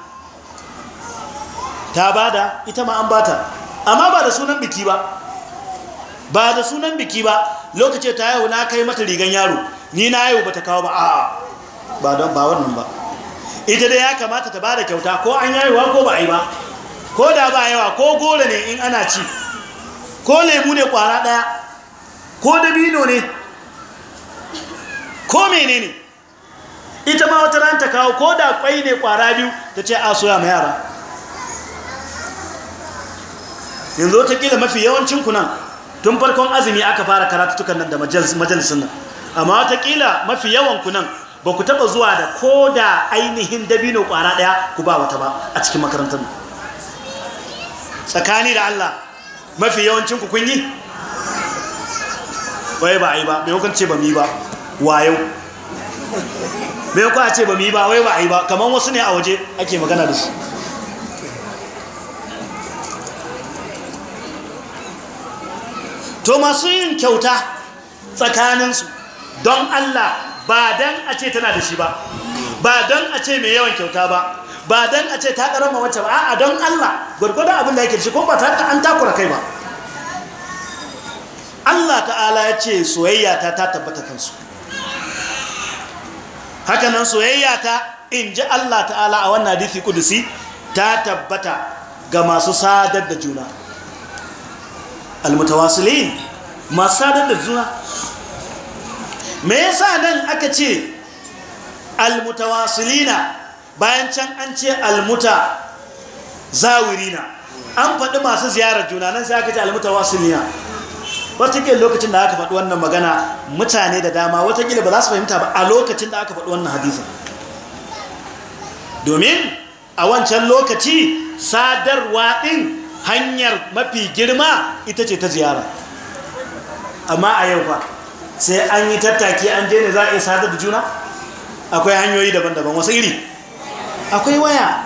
ta ba da, ita ma an bata amma ba da sunan biki ba ba da sunan biki ba lokaci ta yau na kai mata rigan yaro ni na yau ba ta kawo ba a'a ba don ba wannan ba ita da ya kamata ta bada kyauta ko an yayewa ko ba a yi ba ko da ba yawa ko gole ne in ana ci ko lemu ne kwara daya ko dabino ne ko menene ne ita ma wata ranta kawo ko da kwai ne kwara biyu ta ce a soya ma yara yanzu ta kila mafi yawancin kuna tun farkon azumi aka fara karatutukan nan da majalisun nan amma wata kila mafi yawan kunan ba ku taba zuwa da ko da ainihin dabino kwara daya ku ba wata ba a cikin makarantar nan tsakani da Allah mafi yawancin ku kun yi bai ba ai ba bai hukunce ba mi ba wayo bai kuwa ce ba mu yi ba wai ba a yi ba kamar wasu ne a waje ake magana da su to masu yin kyauta tsakaninsu don Allah ba don a ce tana da shi ba ba don a ce mai yawan kyauta ba ba don a ce ta karama wacce ba a don Allah gwargwadon abin da ya shi ko ba ta an takura kai ba Allah ta'ala ya ce soyayya ta ta tabbata kansu hakanan soyayya ta in ji Allah ta'ala a wannan hadisi kudusi ta tabbata ga masu sadar da juna almutawasilin masu sadar da juna me yasa nan aka ce almutawasilina bayan can an ce almuta zawirina an faɗi masu ziyarar juna nan sai aka ce almutawasilina wataƙila lokacin da aka faɗi wannan magana mutane da dama watakila ba za su fahimta ba a lokacin da aka faɗi wannan hadisin domin a wancan lokaci sadarwa ɗin hanyar mafi girma ita ce ta ziyara amma a yau ba sai an yi tattaki an je ne za a iya sadar da juna akwai hanyoyi daban-daban wasu iri akwai waya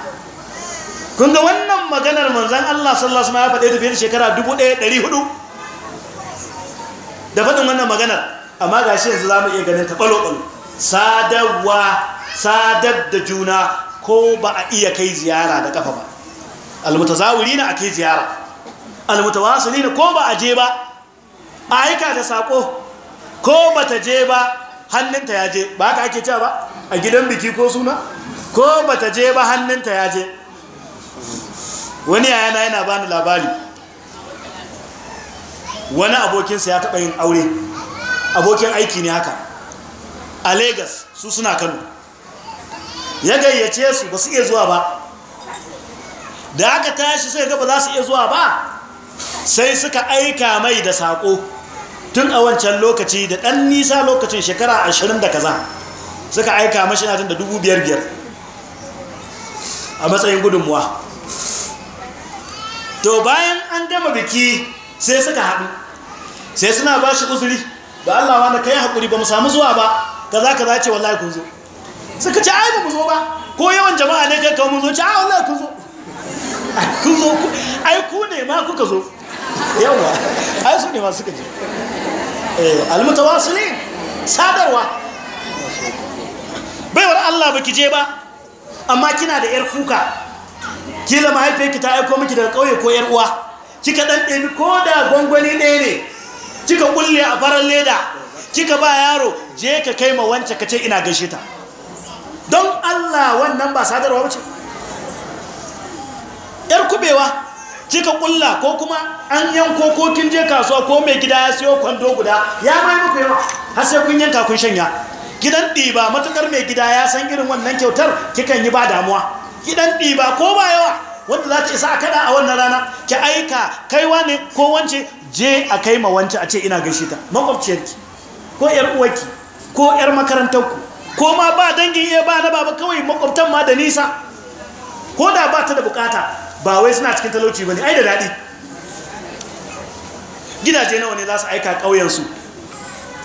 kun ga wannan maganar manzan Allah sallallahu Alaihi wasallam ya faɗe ta fiye da shekara 1400 da faɗin wannan maganar amma ga shi yanzu za mu iya ganin ta ɓalo-ɓalo sadarwa sadar da juna ko ba a iya kai ziyara da ƙafa ba almutazawuri na a kai ziyara almutawasuli na ko ba a je ba a aika da saƙo ko ba ta je ba hannunta ya je ba ka ake cewa ba a gidan biki ko suna ko ba ta je ba hannunta ya je wani yayana yana bani labari wani abokinsa ya taɓa yin aure abokin aiki ne haka a Legas su suna kano ya gayyace su ba su iya zuwa ba da aka tashi sai gaba za su iya zuwa ba sai suka aika mai da saƙo tun a wancan lokaci da ɗan nisa lokacin shekara ashirin da kaza suka aika mashi na tun da dubu biyar biyar a matsayin gudunmuwa to bayan an dama biki sai suka haɗu sai suna ba shi uzuri ba Allah wanda kai hakuri ba mu samu zuwa ba kaza kaza ce wallahi kun zo suka ce ai ba mu zo ba ko yawan jama'a ne kai kawo mu zo ce ai wallahi kun zo kun zo ai ku ne ma kuka zo yawa ai su ne ma suka je eh almutawasilin sadarwa baiwar Allah baki je ba amma kina da yar kuka kila mahaifiyarki ta aiko miki daga kauye ko yar uwa kika dan ɗemi ko da gwangwani ɗaya ne kika ƙulle a farar leda kika ba yaro je ka kai ma wance ka ce ina gaishe ta don Allah wannan ba sadarwa ba ce ‘yar kubewa kika ƙulla ko kuma an yanko ko kin je kasuwa ko mai gida ya siyo kwando guda ya mai muku yawa har sai kun yanka kun shanya gidan ɗiba matukar mai gida ya san irin wannan kyautar kikan yi ba damuwa gidan ɗiba ko ba yawa wanda za ta isa a kada a wannan rana ki aika kaiwa ne ko wance je a kai ma wance a ce ina gaishe ta makwabciyarki ko yar uwarki ko yar makarantarku ko ma ba dangin iya ba na baba kawai makwabtan ma da nisa ko da ba ta da bukata ba wai suna cikin talauci ba ne ai da daɗi gidaje nawa ne za su aika ƙauyensu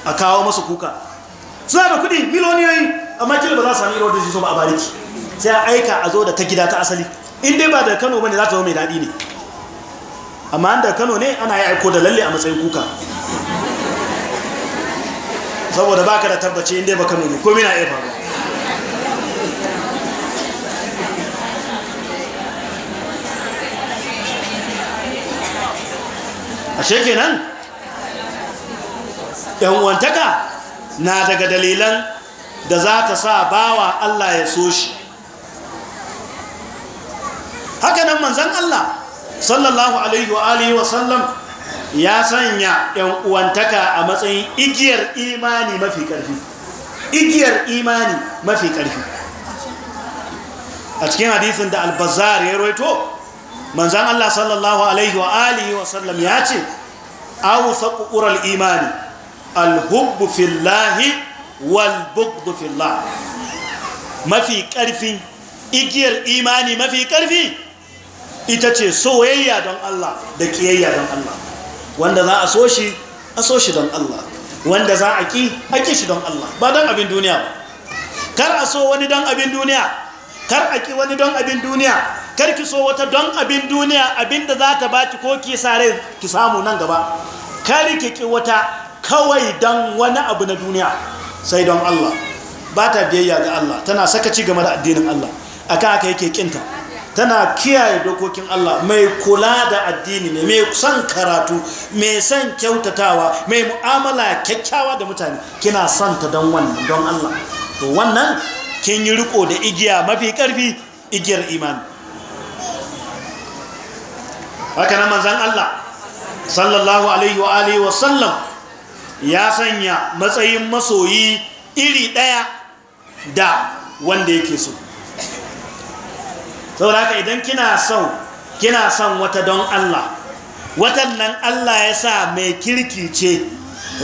a kawo masu kuka suna da kuɗi miloniyoyi amma kila ba za su sami irin da jiso ba a bariki sai a aika a zo da ta gida ta asali in dai ba da kano bane za ta zama mai daɗi ne amma an da kano ne ana yi aiko da lalle a matsayin kuka saboda ba ka da tabbaci in dai ba kano ne ko mina iya faru ashe nan yan uwantaka na daga dalilan da za ta sa bawa Allah ya so shi haka nan manzan Allah sallallahu alaihi wa alihi wa sallam ya sanya ‘yan uwantaka a matsayin igiyar imani mafi ƙarfi igiyar imani mafi ƙarfi a cikin hadisin da albazar ya roito manzan Allah sallallahu alaihi wa alihi wa sallam ya ce awu saƙuƙurar imani alhubbu fillahi walbukdu fillah mafi ƙarfin igiyar imani mafi ƙarfi ita ce soyayya don Allah da kiyayya don Allah wanda za a so shi a so shi don Allah wanda za a ki a ki shi don Allah ba don abin duniya ba kar a so wani don abin duniya kar a ki wani don abin duniya kar ki so wata don abin duniya abin da za ta baki ko ki sare ki samu nan gaba kar ki ki wata kawai don wani abu na duniya sai don Allah ba ta biyayya ga Allah tana sakaci game da addinin Allah akan aka yake kinta tana kiyaye dokokin Allah mai kula da addini ne mai son karatu mai son kyautatawa mai mu'amala kyakkyawa da mutane kina son ta don wannan don Allah to wannan kin yi riko da igiya mafi karfi igiyar iman. haka nan manzon Allah sallallahu alaihi wa alihi wa sallam ya sanya matsayin masoyi iri daya da wanda yake so saboda haka idan kina son kina son wata don Allah watan nan Allah ya sa mai kirki ce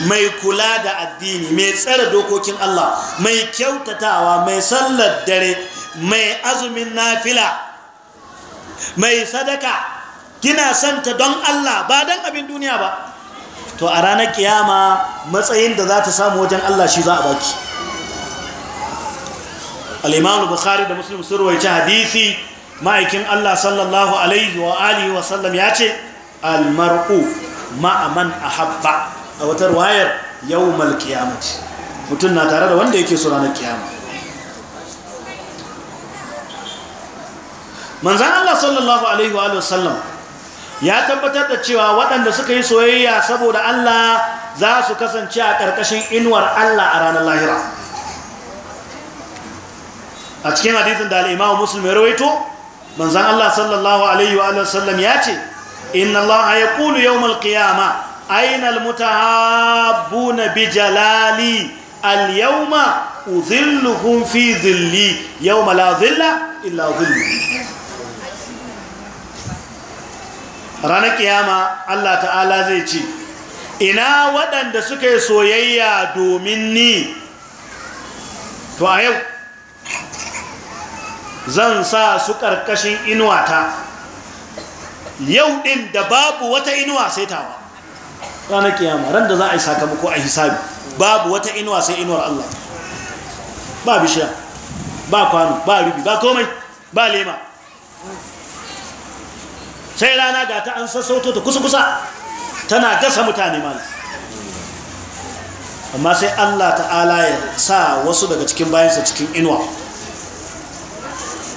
mai kula da addini mai tsara dokokin Allah mai kyautatawa mai sallar dare mai azumin nafila mai sadaka kina santa don Allah ba don abin duniya ba to a ranar kiyama matsayin da za ta samu wajen Allah shi za a baki al-imam bukhari da muslim sun rawaita hadisi ma'aikin Allah sallallahu alaihi wa alihi wa sallam ya ce almar'u ma'aman ahabba a wata wayar yawmal qiyamati mutum na tare da wanda yake so ranar kiyama manzan Allah sallallahu alaihi wa wa sallam ya tabbatar da cewa waɗanda suka yi soyayya saboda Allah za su kasance a ƙarƙashin inuwar Allah a ranar lahira a cikin hadithin da al'imamu musulmi rawaito manzan Allah sallallahu alaihi wa sallam ya ce inna Allah ya kulu yau malkiyama ainihin mutahabbu na bijalali alyauma uzilluhun fi zilli yau malazilla illa zillu ranar kiyama Allah ta'ala zai ce ina waɗanda suka yi soyayya domin ni to a yau zan sa su ƙarƙashin inuwa ta yau ɗin da babu wata inuwa sai tawa ranar kiyama ran da za a yi sakamako a hisabi babu wata inuwa sai inuwar Allah ba bishiya ba kwano ba rubi ba komai ba lema sai rana ga ta an sassauto ta kusa-kusa tana gasa mutane mana amma sai Allah ta'ala ya sa wasu daga cikin bayansa cikin inuwa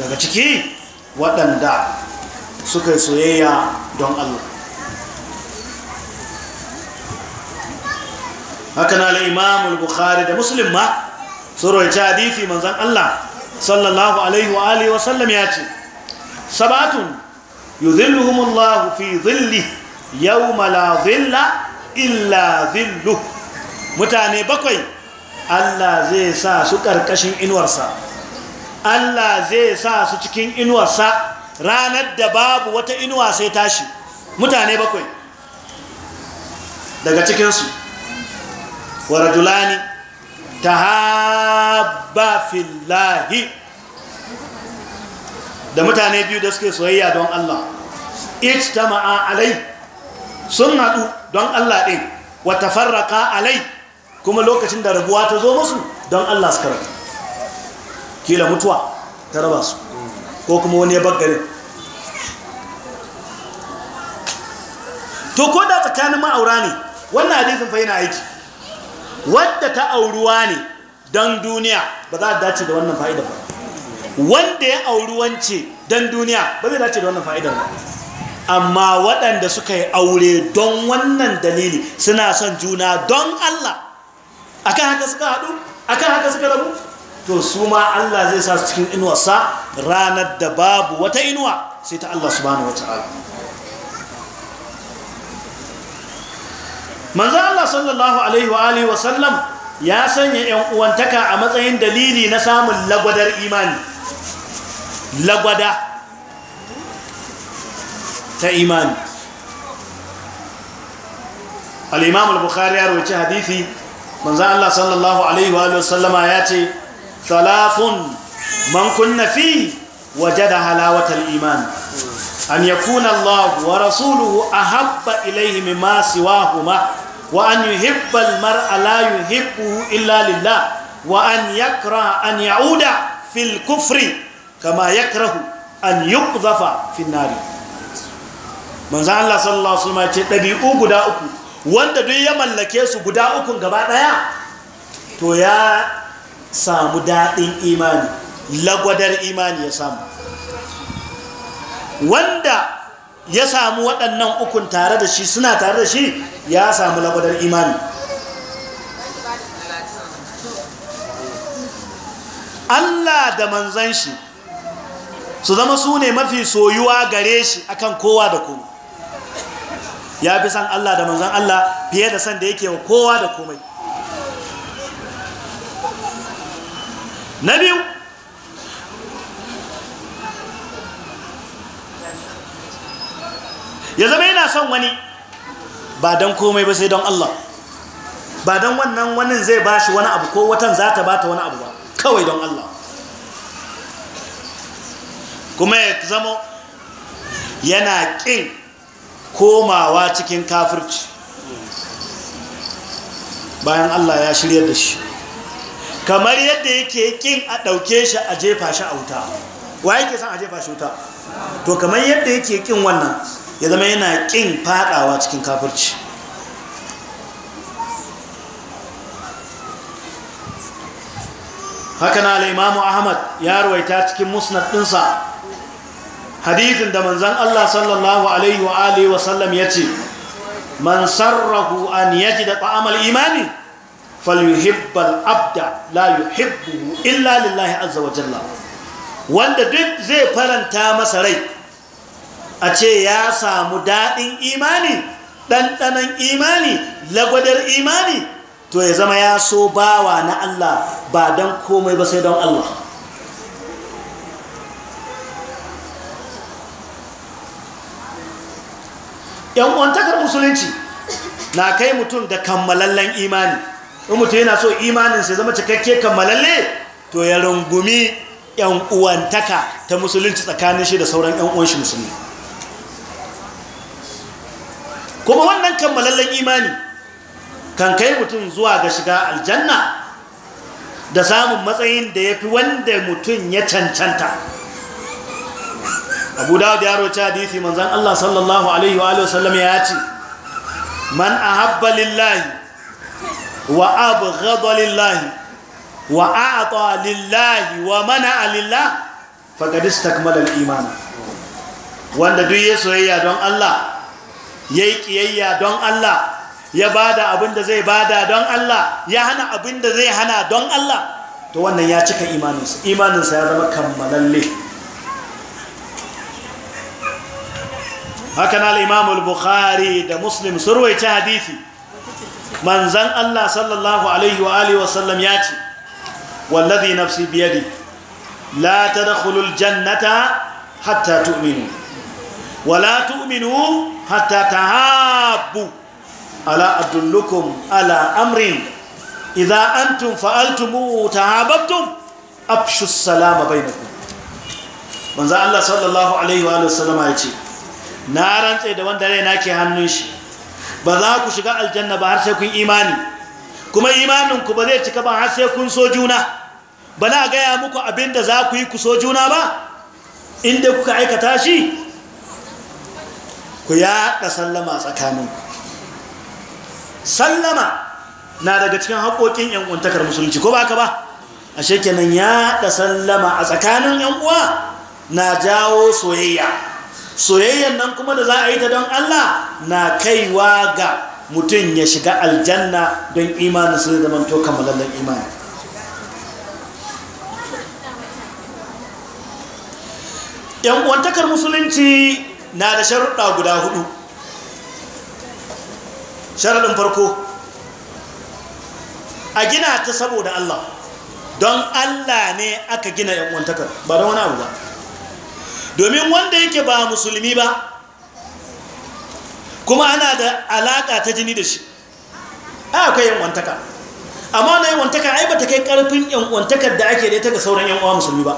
daga ciki waɗanda suka yi soyayya don Allah haka na al'imam al-bukhari da muslim ma tsoron hadithi manzan Allah sallallahu alaihi wa alihi wasallam ya ce sabatun yuzilluhumullahu fi zilli yau la zilla illa zillu mutane bakwai Allah zai sa su ƙarƙashin inuwarsa Allah zai sa su cikin inuwarsa ranar da babu wata inuwa sai tashi mutane bakwai daga cikinsu warajulani ta haɓa fillahi da mutane biyu da suke soyayya don Allah ich ta alai sun haɗu don Allah ɗin wata farraka alai kuma lokacin da rabuwa ta zo musu don Allah su karatu kila mutuwa ta raba su ko kuma wani ya garin to ko da tsakanin ma'aura ne wannan hadisin fa yana aiki wadda ta auruwa ne don duniya ba za a dace da wannan fa'idar ba wanda ya auruwance don duniya ba zai dace da wannan fa'idar ba amma waɗanda suka yi aure don wannan dalili suna son juna don Allah akan haka suka haɗu akan haka suka rabu to su ma Allah zai sa su cikin inuwarsa ranar da babu wata inuwa sai ta Allah su bani subhanahu wata'ala manzan Allah sallallahu alaihi wa alihi wa sallam ya sanya yan uwantaka a matsayin dalili na samun lagwadar imani lagwada ta imani al-imam al-bukhari ya rawaci hadisi manzan Allah sallallahu alaihi wa alihi wa sallama ya ce salafun man kunna fi wajada halawatal iman an yakuna Allah wa rasuluhu ahabba ilaihi mimma siwahuma wa an yuhibba hibbal mar la yuhibbuhu illa lillah wa an yakraha an ya'uda fil kufri kama yakrahu an yuqdhafa fi an-nar Allah sallallahu alaihi wasallam ce ɗabi'u guda uku wanda duk ya mallake su guda ukun gaba ɗaya to ya samu daɗin imani lagwadar imani ya samu wanda ya samu waɗannan ukun tare da shi suna tare da shi ya samu lagwadar imani Allah da manzan shi su zama su ne mafi soyuwa gare shi akan kowa da komai ya fi san Allah da manzan Allah fiye da san da yake wa kowa da komai na biyu ya zama yana son wani ba don komai ba sai don Allah ba don wannan wani zai ba shi wani abu ko watan za ta ba ta wani abu ba kawai don Allah kuma ya zama yana ƙin komawa cikin kafirci bayan Allah ya shirya da shi kamar yadda yake kin a ɗauke shi a jefa shi a wuta wa yake son a jefa shi wuta to kamar yadda yake kin wannan ya zama yana kin fadawa cikin kafirci haka na al'imamu ahmad ya ruwaita cikin musnad ɗinsa hadithin da manzan allah sallallahu alaihi wa alihi wasallam ya ce man sarrahu an yaji da ta'amal imani falyuhibbal abda la yuhibbu illa lillahi azza wa jalla wanda duk zai faranta masa rai a ce ya samu daɗin imani ɗanɗanon imani lagwadar imani to ya zama ya so bawa na Allah ba don komai ba sai don Allah ‘yan musulunci na kai mutum da kammalallen imani in mutum yana so imanin sai zama cikakke kammalalle to ya rungumi yan uwantaka ta musulunci tsakanin shi da sauran yan uwan shi musulmi kuma wannan kammalallen imani kan kai mutum zuwa ga shiga aljanna da samun matsayin da ya fi wanda mutum ya cancanta abu dawud ya roci hadithi manzan Allah sallallahu alaihi wa sallam ya ce man habbalin lillahi wa abghadha lillahi wa a'ta lillahi wa mana'a lillahi faqad istakmala al-iman wanda duk ya soyayya don Allah yayi kiyayya don Allah ya bada abin da zai bada don Allah ya hana abin da zai hana don Allah to wannan ya cika imaninsa imaninsa ya zama kammalalle haka na al-Imam al-Bukhari da Muslim ta hadisi manzan Allah sallallahu alaihi wa wasallam ya ce wallazi nafsi biyadi la ta tadkhulul jannata hatta tu'minu wa la tu'minu hatta ta tahabbu ala adullukum ala amrin idza antum fa'altumu tahabbtum afshu salama bainakum manzan Allah sallallahu alaihi wa alihi wasallam ya ce na rantse da wanda na ke hannun shi ba za ku shiga aljanna ba har sai kun imani kuma imaninku ba zai cika ba har sai kun so juna ba na gaya muku abinda da za ku yi ku so juna ba inda kuka aikata shi ku yaɗa sallama tsakaninku sallama na daga cikin haƙoƙin ‘yan'untakar musulunci ko ba ka ba a shekinan yaɗa sallama a tsakanin yan uwa na jawo soyayya soyayyan nan kuma da za a yi ta don Allah na kaiwa ga mutum ya shiga aljanna don imanin su zama to kamalallen imani yan uwantakar musulunci na da sharuɗa guda hudu sharaɗin farko a gina ta saboda Allah don Allah ne aka gina yan uwantakar ba don wani abu ba domin wanda yake ba musulmi ba kuma ana da alaƙa ta jini da shi akwai yan wantaka amma na yan wantaka ai ba ta kai ƙarfin yan wantakar da ake da ita ga sauran yan uwa musulmi ba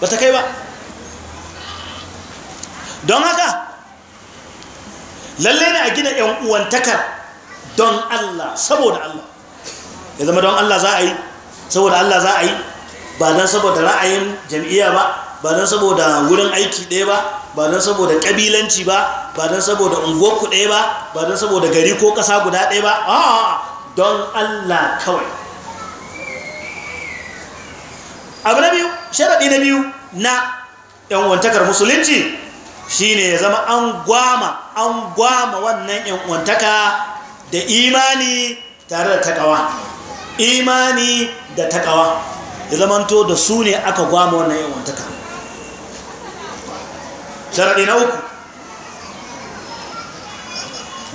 ba ta kai ba don haka lallai ne a gina yan uwantakar don Allah saboda Allah ya zama don Allah za a yi saboda Allah za a yi ba don saboda ra'ayin jam'iyya ba ba don saboda wurin aiki ɗaya ba ba don saboda ƙabilanci ba ba don saboda unguwarku ɗaya ba ba don saboda gari ko ƙasa guda ɗaya ba don allah kawai abu na biyu sharaɗi na biyu na yanwantakar musulunci shine ya zama an gwama an gwama wannan yanwantaka da imani tare da takawa imani da takawa ya zamanto da su ne aka gwama wannan yawantaka sharadi na uku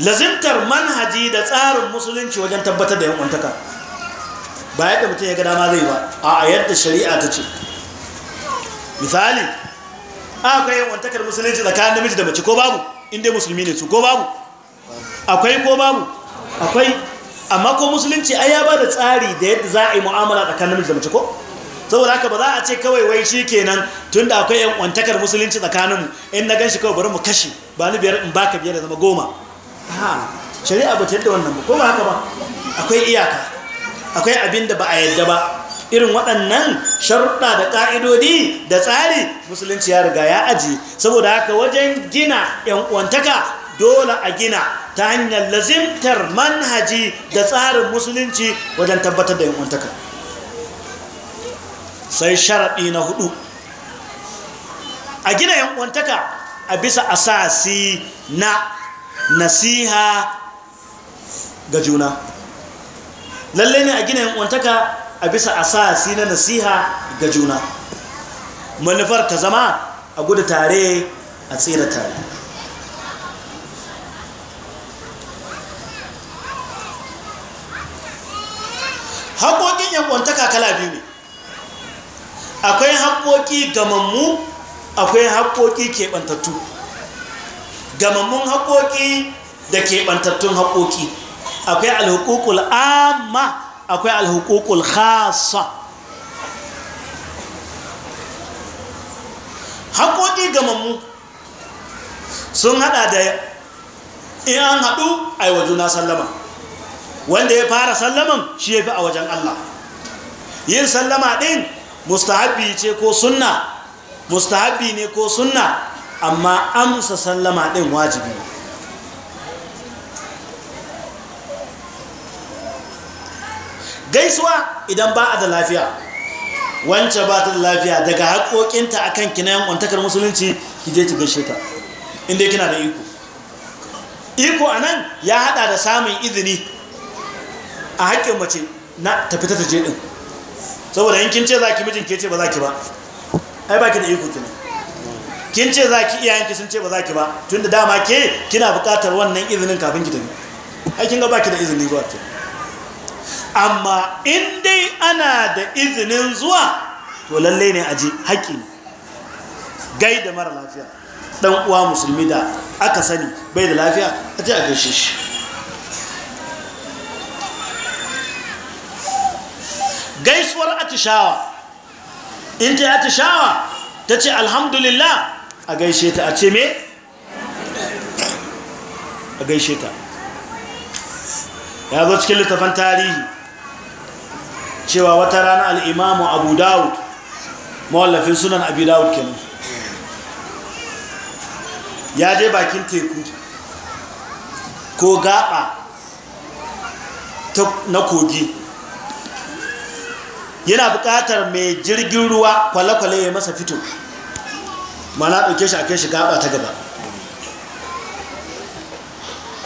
lazimtar manhaji da tsarin musulunci wajen tabbatar da yankuntaka ba yadda mutum ya gada ma zai ba a yadda shari'a ta ce misali akwai yankuntakar musulunci tsakanin namiji da mace ko babu inda musulmi ne su ko babu akwai ko babu akwai amma ko musulunci ai ya ba da tsari da yadda za a yi mu'amala tsakanin namiji da mace ko saboda haka ba za a ce kawai wai shi kenan tun da akwai yan kwantakar musulunci tsakaninmu in na gan shi kawai bari mu kashe ba ni biyar in baka biyar da zama goma shari'a ba ta yadda wannan ba ko ba haka ba akwai iyaka akwai abin da ba a yadda ba irin waɗannan sharuɗa da ƙa'idodi da tsari musulunci ya riga ya aji saboda haka wajen gina yan'uwantaka dole a gina ta hanyar lazimtar manhaji da tsarin musulunci wajen tabbatar da yan'uwantaka. sai sharaɗi na hudu a gina yankwantaka a bisa asasi na nasiha ga juna lalle ne a gina yankwantaka a bisa asasi na nasiha ga juna manufar ta zama a gudu tare a tsira tare haƙoƙin yankwantaka kala biyu ne akwai haƙoƙi gamammu akwai haƙoƙi keɓantattu gamammun haƙoƙi da keɓantattun haƙoƙi akwai alhukukul amma akwai alhukukul khasa haƙoƙi gamammu sun haɗa da in an haɗu a yi wa sallama wanda ya fara sallaman shi ya fi a wajen Allah yin sallama ɗin mustahabbi ce ko sunna mustahabbi ne ko sunna amma amsa sallama ɗin wajibi gaisuwa idan ba a da lafiya wancan ba ta da lafiya daga haƙoƙinta akan yin ƙwantakar musulunci ki je ki gaishe ta inda kina da iko iko a nan ya haɗa da samun izini a haƙƙin mace na tafi ta je ɗin saboda yin kin ce za ki mijin ke ce ba za ki ba ai ba ki da iko kina kin za ki iyayenki sun ce ba za ki ba tun da dama ke kina bukatar wannan izinin kafin ki tafi ai kin ga ba ki da izinin zuwa ke amma in dai ana da izinin zuwa to lalle ne aje haƙƙi ne gai da mara lafiya Dan uwa musulmi da aka sani bai da lafiya a je a gaishe shi gaisuwar atishawa in ta atishawa ta ce alhamdulillah a gaishe ta a ce me a gaishe ta ya zo cikin littafan tarihi cewa wata rana al'imamu abu dawud mawallafin sunan abu dawud kenan ya je bakin teku ko gaba na kogi yana buƙatar mai jirgin ruwa kwale-kwale ya masa fito mana ɗauke shi a kai shi gaba ta gaba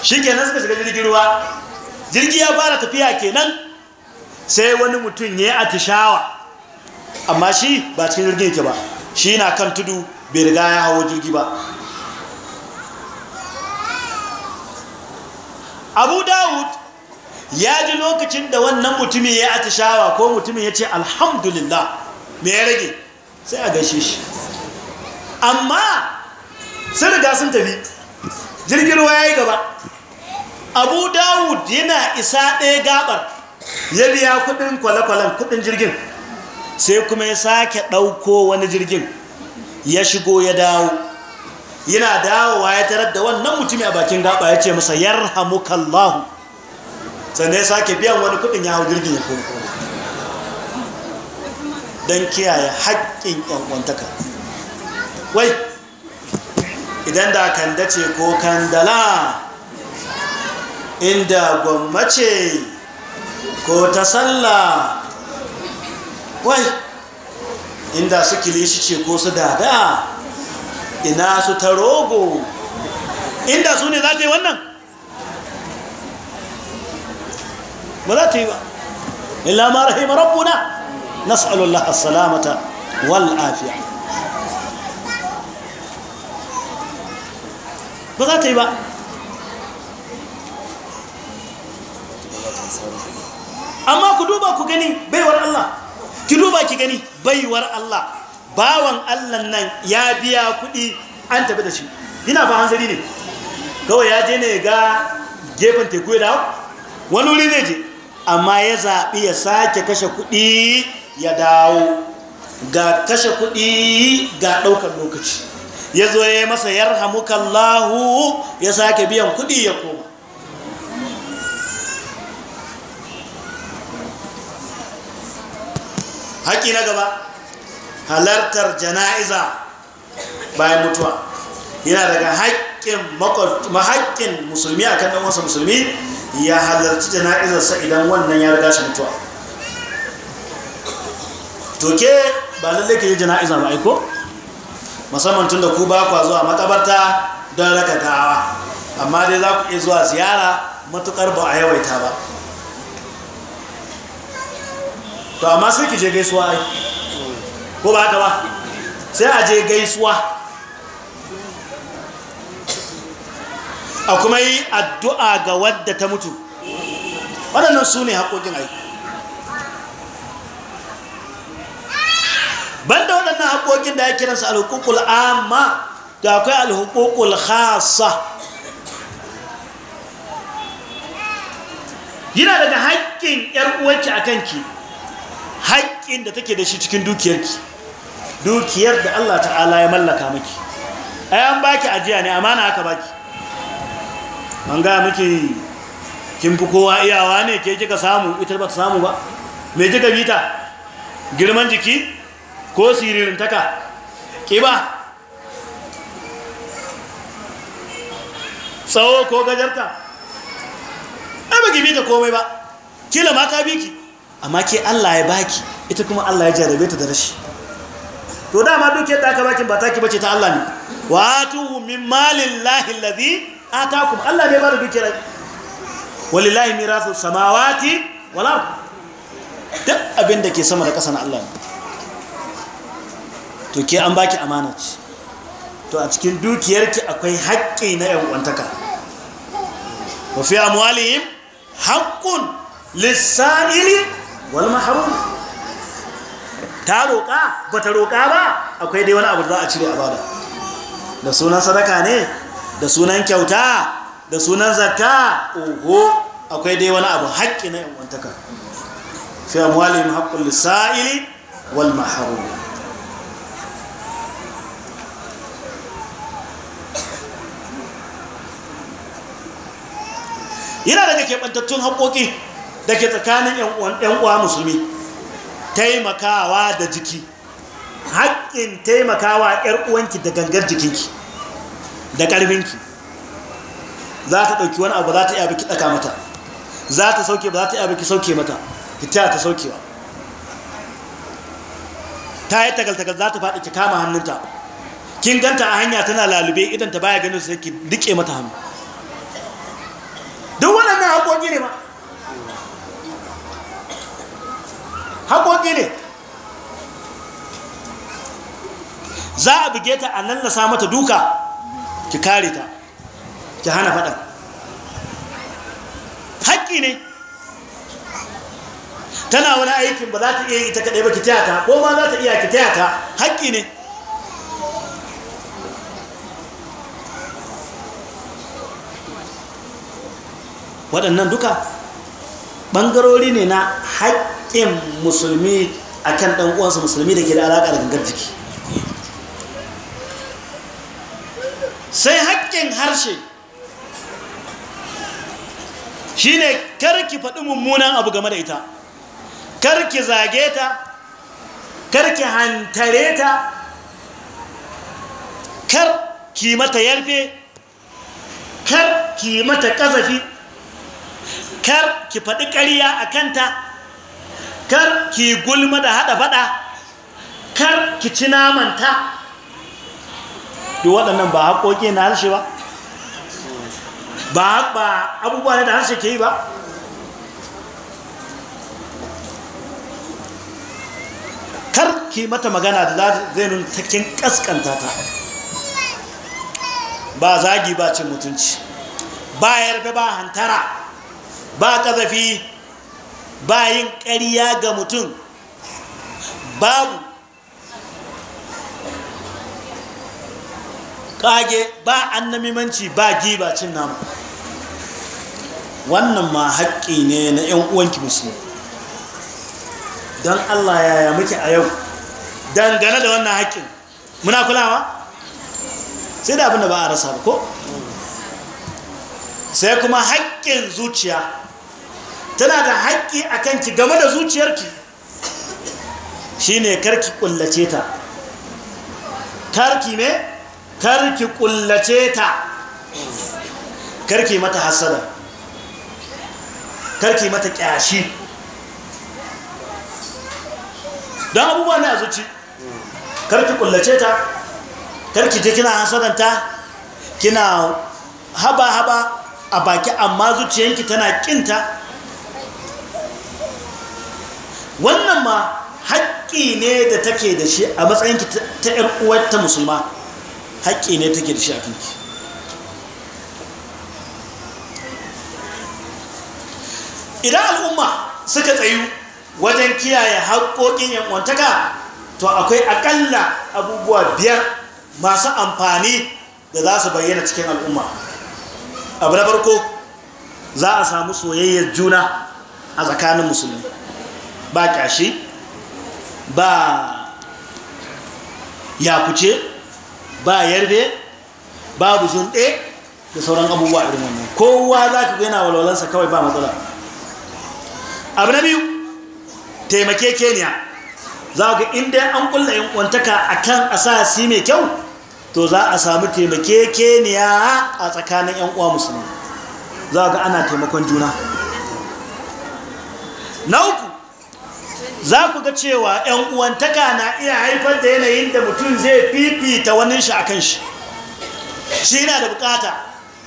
shi kenan suka shiga jirgin ruwa jirgi ya fara tafiya kenan sai wani mutum ya yi atishawa amma shi ba cikin jirgin ke ba shi na kan tudu bai riga ya hawo jirgi ba abu dawud ya ji lokacin da wannan mutumin ya shawa ko mutumin ya ce alhamdulillah me ya rage sai a gaishe shi amma sun riga sun tafi jirgin ruwa ya yi gaba abu dawud yana isa ɗaya gabar ya biya kudin kwale-kwalen kudin jirgin sai kuma ya sake ɗauko wani jirgin ya shigo ya dawo yana dawowa ya tarar da wannan mutumin a bakin gaba ya ce masa yarhamukallahu sannan ya sake biyan wani kudin ya hau jirgin ya koma don kiyaye haƙƙin yankwantaka wai idan da kan dace ko kandala inda gwammace ko ta sallah wai inda su kilishi ce ko su dada ina su ta rogo inda su ne za ta yi wannan ba za ta yi ba illa ma rahima rabbuna nas'alullah as-salamata wal afiya ba za ta yi ba amma ku duba ku gani baiwar Allah ki duba ki gani baiwar Allah bawan Allah nan ya biya kuɗi an tafi da shi ina fa hanzari ne kawai ya je ne ga gefen teku ya dawo wani wuri zai je amma ya zaɓi ya sake kashe kuɗi ya dawo ga kashe kuɗi ga ɗaukar lokaci ya zo ya yi masa yarhamukallahu ya sake biyan kuɗi ya koma haƙi na gaba halartar jana'iza bayan mutuwa yana daga haƙƙin musulmi a kan wasa musulmi ya halarci jana'izarsa idan wannan ya riga shi mutuwa toke ba lallai ke yi jana'iza ba aiko musamman tun da ku ba kwa zuwa makabarta don raka dawa amma dai za ku iya zuwa ziyara matukar ba a yawaita ba to amma sai ki je gaisuwa ai ko ba haka ba sai a je gaisuwa a kuma yi addu'a ga wadda ta mutu waɗannan su ne haƙoƙin aiki da waɗannan haƙoƙin da ya kiransa alhukukul amma da akwai alhukukul khasa yana daga haƙƙin ‘yar'uwarki a kanki haƙƙin da take da shi cikin dukiyarki dukiyar da Allah ta'ala ya mallaka miki ayan baki ajiya ne amana aka baki an ga miki kin fi kowa iyawa ne ke kika samu ita ba ta samu ba me kika bita girman jiki ko siririn-taka ƙiba tsawo ko gajarta ai ba gibi ta komai ba kila ma ka biki amma ke Allah ya baki ita kuma Allah ya jarabe ta da rashi to dama duk yadda aka bakin ba taki bace ta Allah ne wa tuhu min malillahi allazi atakum Allah ne bada da dukiyar mirasu samawati wala duk abin da ke sama da ƙasa na Allah to ke an baki amana ce to a cikin dukiyarki akwai haƙƙi na ƴan uwantaka wa fi amwalihim haqqun lis-sa'ili wal mahrum ta roƙa bata roƙa ba akwai dai wani abu da za a cire a bada da sunan sadaka ne da sunan kyauta da sunan zakka oho akwai dai wani abu haƙƙi na yanwantaka fi amwalihim haƙƙun lissa'ili wal maharu yana daga keɓantattun haƙoƙi da ke tsakanin ‘yan uwa musulmi taimakawa da jiki haƙƙin taimakawa yaruwanki uwanki da gangar jikinki da ƙarfinki za ta ɗauki wani abu za ta iya biki ɗaka mata za ta sauke ba za ta iya biki sauke mata ita ta saukewa ta yi tagal-tagal za ta faɗi ki kama hannunta kin ganta a hanya tana lalube idan ta baya ganin sai ki dike mata hannu duk waɗannan haƙoƙi ne ma haƙoƙi ne za a buge ta a nan na sa mata duka ki kare ta ki hana faɗa haƙƙi ne tana wani aikin ba za ta iya ita kaɗai ba ki taya ta ko ma za ta iya ki taya ta haƙƙi ne waɗannan duka ɓangarori ne na haƙƙin musulmi a kan ɗan'uwansu musulmi da ke da alaƙa da gangar jiki sai haƙƙin harshe shine karki faɗi mummunan abu game da ita karki zage ta karki hantare ta karki mata yarfe kar mata ƙazafi karki faɗi ƙariya a kanta kar gulma da haɗa faɗa kar ki ci namanta duk waɗannan ba haƙoƙi na harshe ba ba abubuwa ne da harshe ke yi ba kar ki mata magana da zai nun takin kaskanta ta ba zagi ba cin mutunci ba yarfe ba hantara ba ƙazafi ba yin ƙarya ga mutum babu kage ba annamimanci ba giba cin namu wannan ma haƙƙi ne na 'yan uwanki musulmi don Allah yaya muke a yau dangane da wannan haƙƙin muna kulawa sai da abin da ba a rasa ko sai kuma haƙƙin zuciya tana da haƙƙi a kanki game da zuciyarki shi ne karki ƙullace ta karki mai karki kullace ta karki mata hasada karki mata kyashi don abubuwa ne a zuci karki kullace ta karki je kina hasadanta kina haba-haba a baki amma zuciyanki tana kinta wannan ma haƙƙi ne da take da shi a matsayinki ta 'yar uwarta musulma haƙƙi ne take da shi a kanki idan al'umma suka tsayu wajen kiyaye haƙoƙin yankwantaka to akwai aƙalla abubuwa biyar masu amfani da za su bayyana cikin al'umma abu na farko za a samu soyayyar juna a tsakanin musulmi ba kyashi ba ya kuce. ba yarbe babu zunɗe da sauran abubuwa irin wannan kowa za ka yana walwalansa kawai ba matsala abu na biyu taimake keniya za ga inda an kulla yin kwantaka a kan asasi mai kyau to za a samu taimake keniya a tsakanin yan uwa musulmi za ga ana taimakon juna na uku za ku ga cewa 'yan uwantaka na iya haifar da yanayin da mutum zai fifita wani shi a kan shi shi na da bukata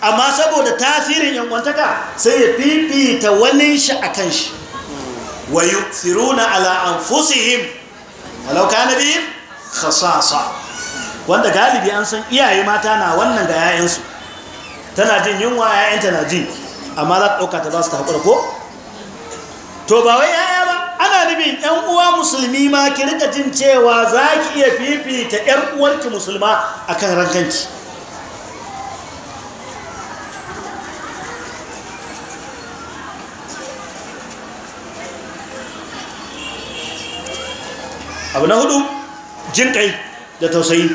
amma saboda tasirin 'yan uwantaka sai ya fifita wani shi a kan shi wa na ala fusihim alauka na biyu? khasasa wanda galibi an san iyaye mata na wannan ga 'ya'yansu tana jin yunwa 'ya'yanta na jin amma za ta ɗauka ta ba su ta haƙura ko to ba galibin ‘yan uwa musulmi ma ki rika jin cewa za ki iya fifita ‘yan uwarki musulma a kan rankanki abu na hudu jin kai da tausayi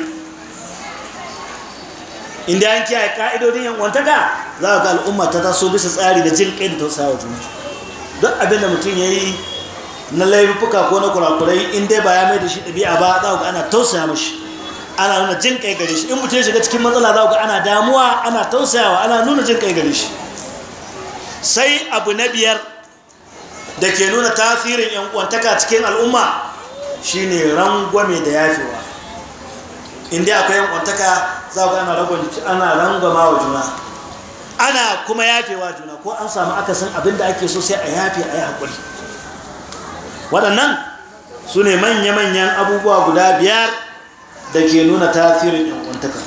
inda an kiyaye ka'idodin yankwantaka za ga al'umma ta taso bisa tsari da jin kai da wa juna don abinda mutum ya yi na laifuka ko na kurakurai in dai ba ya mai da shi ɗabi'a ba za ku ana tausaya mashi ana nuna jin kai gare shi in mutum ya shiga cikin matsala za ku ana damuwa ana tausayawa ana nuna jin kai gare shi sai abu na biyar da ke nuna tasirin yan kwantaka cikin al'umma shine rangwame da yafewa in dai akwai yan kwantaka za ku ana ana rangwama wa juna ana kuma yafewa juna ko an samu akasin abin da ake so sai a yafe a yi haƙuri waɗannan su ne manya-manyan abubuwa guda biyar da ke nuna tasirin yankuntaka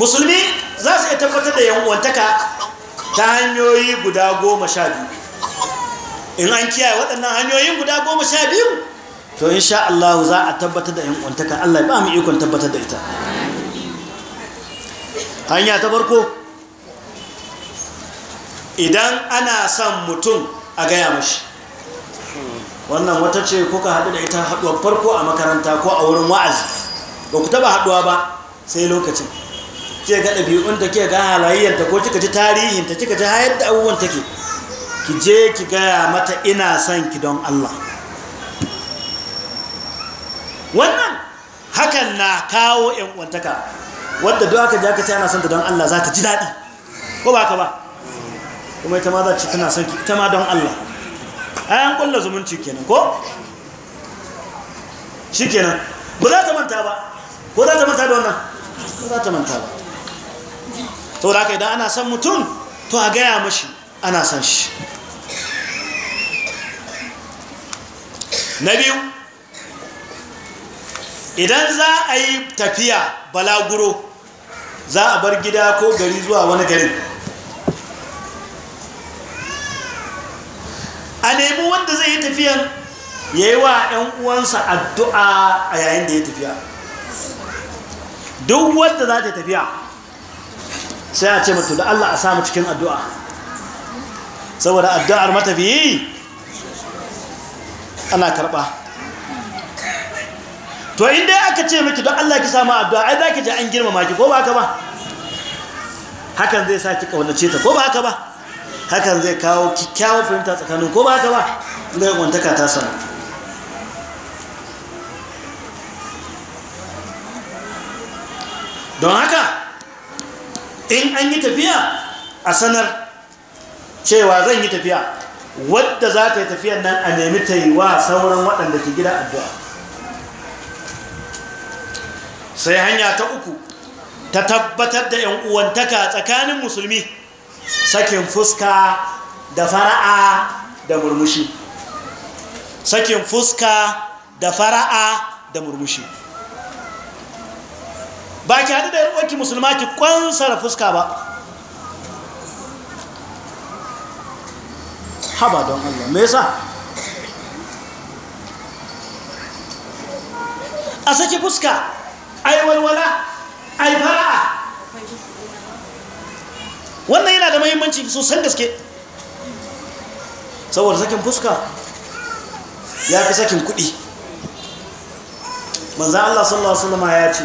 musulmi za su iya tabbatar da yankuntaka ta hanyoyi guda goma sha biyu in an kiyaye waɗannan hanyoyin guda goma sha biyu to in sha Allah za a tabbatar da yankuntaka Allah ba mu ikon tabbatar da ita hanya ta barko idan ana son mutum a gaya mashi wannan wata ce kuka haɗu da ita haɗuwar farko a makaranta ko a wurin wa'azi ba ku taɓa haɗuwa ba sai lokacin ke ga ɗabi'un da ke ga halayyarta ko kika ji tarihinta kika ji hayar da abubuwan take ki je ki gaya mata ina son ki don Allah wannan hakan na kawo 'yan uwantaka wadda duk aka ji aka ce ana son ta don Allah za ta ji daɗi ko ba ka ba kuma ita ma za ci tana son ki ita ma don Allah ayan kulla zumunci kenan ko shi kenan ba za ta manta ba ko za ta manta da wannan ba za ta manta ba to da haka idan ana son mutum to a gaya mashi ana son shi na biyu idan za a yi tafiya balaguro za a bar gida ko gari zuwa wani garin a nemi wanda zai yi tafiyan ya yi wa 'yan uwansa addu'a a yayin da ya tafiya duk wanda za ta tafiya sai a ce mutu da Allah a samu cikin addu'a saboda addu'ar matafiyi ana karɓa to inda aka ce miki don Allah ki samu addu'a ai za ki ji an girmama ki ko ba haka ba hakan zai sa ki ƙaunace ta ko ba haka ba hakan zai kawo kyakkyawan fahimta tsakanin ko ba ta ba da wantaka ta samu don haka in an yi tafiya a sanar cewa zan yi tafiya wadda za ta yi tafiyan nan a nemi ta yi wa sauran waɗanda ke gida addu'a sai hanya ta uku ta tabbatar da 'yan uwantaka tsakanin musulmi sakin fuska da fara'a da murmushi sakin fuska da fara'a da murmushi ba ki haɗu da yarwarki musulma ki da fuska ba haba don Allah me yasa a saki fuska ai walwala ai fara'a wannan yana da mahimmanci sosan gaske saboda sakin fuska ya fi sakin kuɗi manzan Allah sallallahu Alaihi wasallama ya ce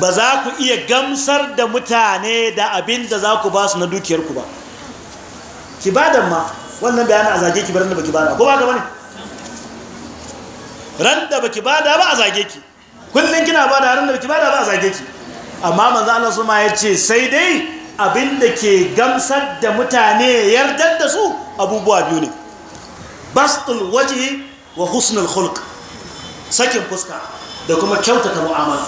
ba za ku iya gamsar da mutane da abin da za ku ba su na dukiyarku ba ki da ma wannan bayanin a zage ki bar da ba ba da ko ba ga wani ran da ba ki ba da ba a zage ki kullum kina bada ran da ba ki ba da ba a zage ki amma manzan Allah su ma ya ce sai dai abinda ke gamsar da mutane yardar da su abubuwa biyu ne bastul waje wa husnul hulk sakin fuska da kuma kyautata mu'amala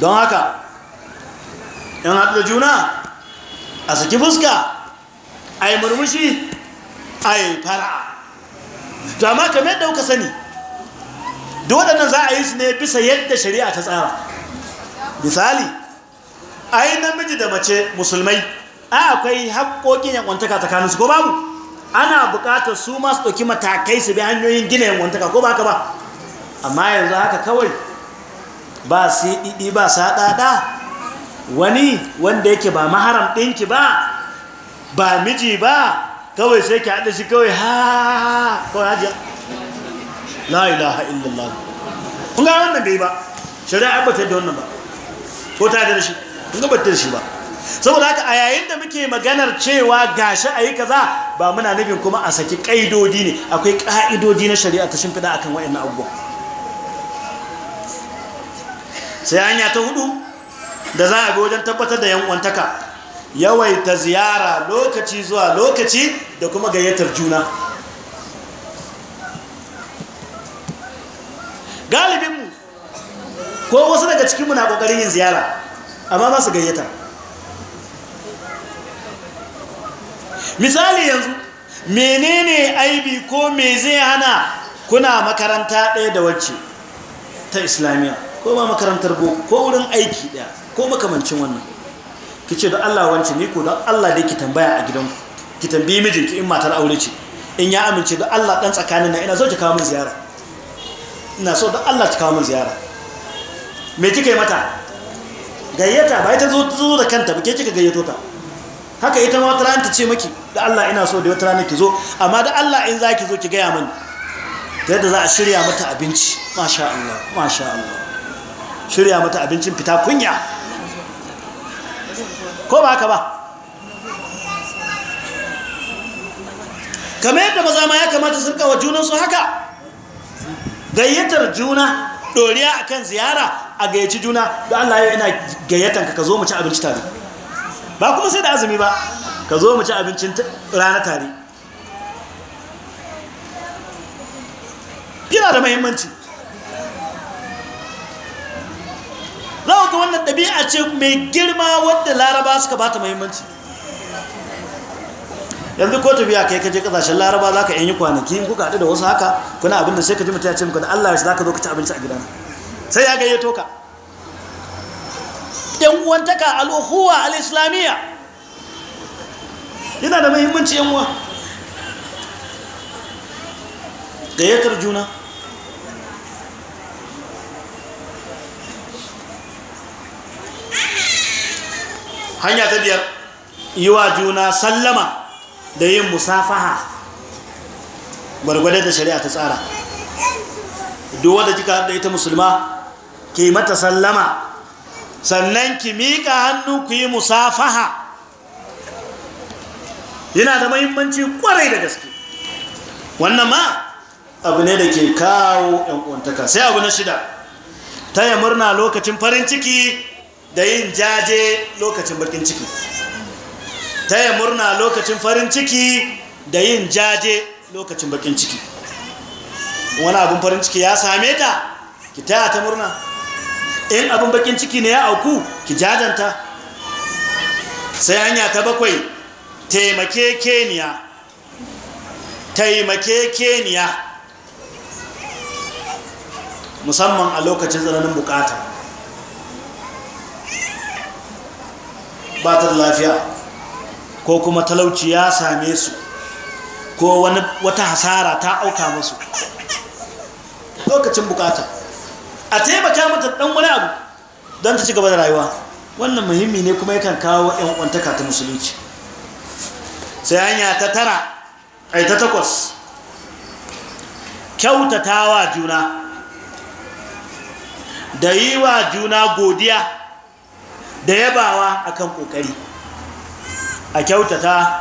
don haka in haɗu da juna a saki fuska a yi murmushi a yi fara to kamar yadda kuka sani duk waɗannan za a yi su ne bisa yadda shari'a ta tsara misali a yi namiji da mace musulmai a akwai haƙoƙin yankwantaka tsakanin su ko babu ana buƙatar su masu ɗauki matakai su bi hanyoyin gina yankwantaka ko baka ba amma yanzu haka kawai ba su ɗiɗi e e, ba su haɗaɗa wani wanda yake ba maharam ɗinki ba ba miji ba kawai sai ki haɗa shi kawai ha kawai ha la ilaha illallah kun ga wannan bai ba shari'a ba ta da wannan ba ko ta da shi kun ga batta shi ba saboda haka a yayin da muke maganar cewa gashi ayi kaza ba muna nufin kuma a saki kaidodi ne akwai kaidodi na shari'a ta shimfida akan wayannan abubuwa sai hanya ta hudu da za a bi wajen tabbatar da yankwantaka yawaita ziyara lokaci zuwa lokaci da kuma gayyatar juna galibinmu ko wasu daga cikinmu na ƙoƙarin yin ziyara amma ba su gayyata misali yanzu menene aibi ko me zai hana kuna makaranta ɗaya da wacce ta islamiyya ko ma makarantar boko ko wurin aiki ɗaya ko makamancin wannan ki ce don allah wance ni ko don allah dai ki tambaya a gidanku ki tambayi mijinki in matar aure ce in ya amince don allah ɗan tsakanin na ina zo ki kawo min ziyara ina so da Allah ta kawo min ziyara me kika yi mata gayyata ba ita zo da kanta ba ke kika gayyato ta haka ita ma wata ta ce maki da Allah ina so da wata rana ki zo amma da Allah in za ki zo ki gaya mani ta yadda za a shirya mata abinci masha Allah masha Allah shirya mata abincin fita kunya ko ba haka ba kamar yadda maza ma ya kamata su rika wa junansu haka gayyatar juna doriya akan ziyara a gayyaci juna da Allah yau ina gayyatanka ka zo mu ci abinci tare ba kuma sai da azumi ba ka zo mu ci abincin rana tare yana da mahimmanci za ga wannan ɗabi'a ce mai girma wadda laraba suka ba ta mahimmanci yanzu ko tafiya kai kaje kasashen laraba za ka yan yi kwanaki in kuka haɗu da wasu haka kuna abinda sai ka ji mutum ya ce muku da allah za ka zo ka ci abinci a gida. sai ya gayyato ka yan uwantaka al'uhuwa al'islamiyya yana da muhimmanci yan uwa gayyatar juna hanya ta biyar yi wa juna sallama da yin musafaha gwargwadar da shari'a ta tsara duk da kika da ita musulma ki mata sallama sannan ki miƙa hannu ku yi musafaha yana da mahimmanci kwarai da gaske wannan ma abu ne da ke kawo yankuntaka sai abu na shida taya murna lokacin farin ciki da yin jaje lokacin bakin ciki taya murna lokacin farin ciki da yin jaje lokacin bakin ciki wani abin farin ciki ya same ta ki taya ta murna in abin bakin ciki ne ya auku ki jajanta sai hanya ta bakwai taimake keniya taimake keniya musamman a lokacin tsananin bukata ba ta da lafiya ko kuma talauci ya same su ko wata hasara ta auka musu lokacin bukata a taimaka mata dan wani abu don ta ci gaba da rayuwa wannan muhimmi ne kuma yakan kawo yan kwantaka ta musulunci sai hanya ta tara ai ta takwas kyautatawa juna da yi wa juna godiya da yabawa akan kokari a kyautata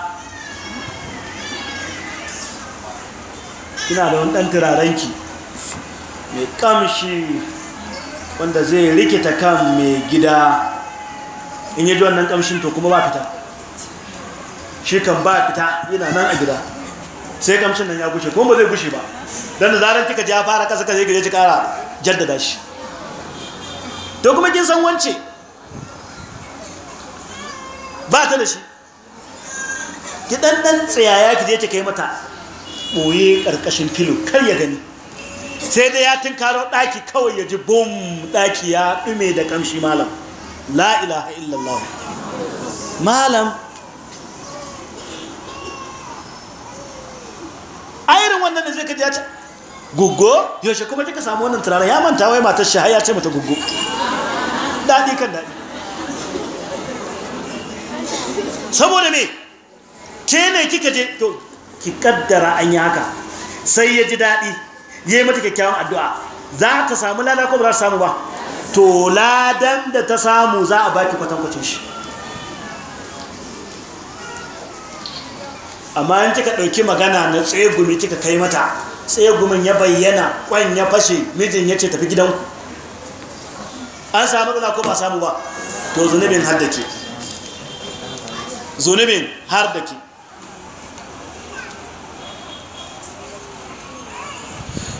kina da wani ɗan turarenki mai ƙamshi wanda zai rikita kan mai gida in yi ji wannan ƙamshin to kuma ba fita shi kan ba fita yana nan a gida sai ƙamshin nan ya gushe kuma ba zai gushe ba don da zarar kika ja fara ƙasa ka zai gaje ci ƙara jaddada shi to kuma kin san wance ba ta da shi ki dan dan tsayaya ki je ki kai mata boye karkashin filo kar ya gani sai dai ya tinkaro daki kawai ya ji bom daki ya dume da kamshi malam la ilaha illallah malam irin wannan da zai ka ce guggo yaushe kuma kika samu wannan turare ya manta wai matar shi ya ce mata guggo. daɗi kan daɗi saboda me ke ne kika je to ki kaddara an yi haka sai ya ji daɗi ya yi mata kyakkyawan addu'a za ta samu lada ko ba za ta samu ba to ladan da ta samu za a baki kwatankwacin shi amma in kika ɗauki magana na tsegumi kika kai mata tsegumin ya bayyana ƙwan ya fashe mijin ya ce tafi gidanku an samu lada ko ba samu ba to zunubin har da ke zunubin har da ke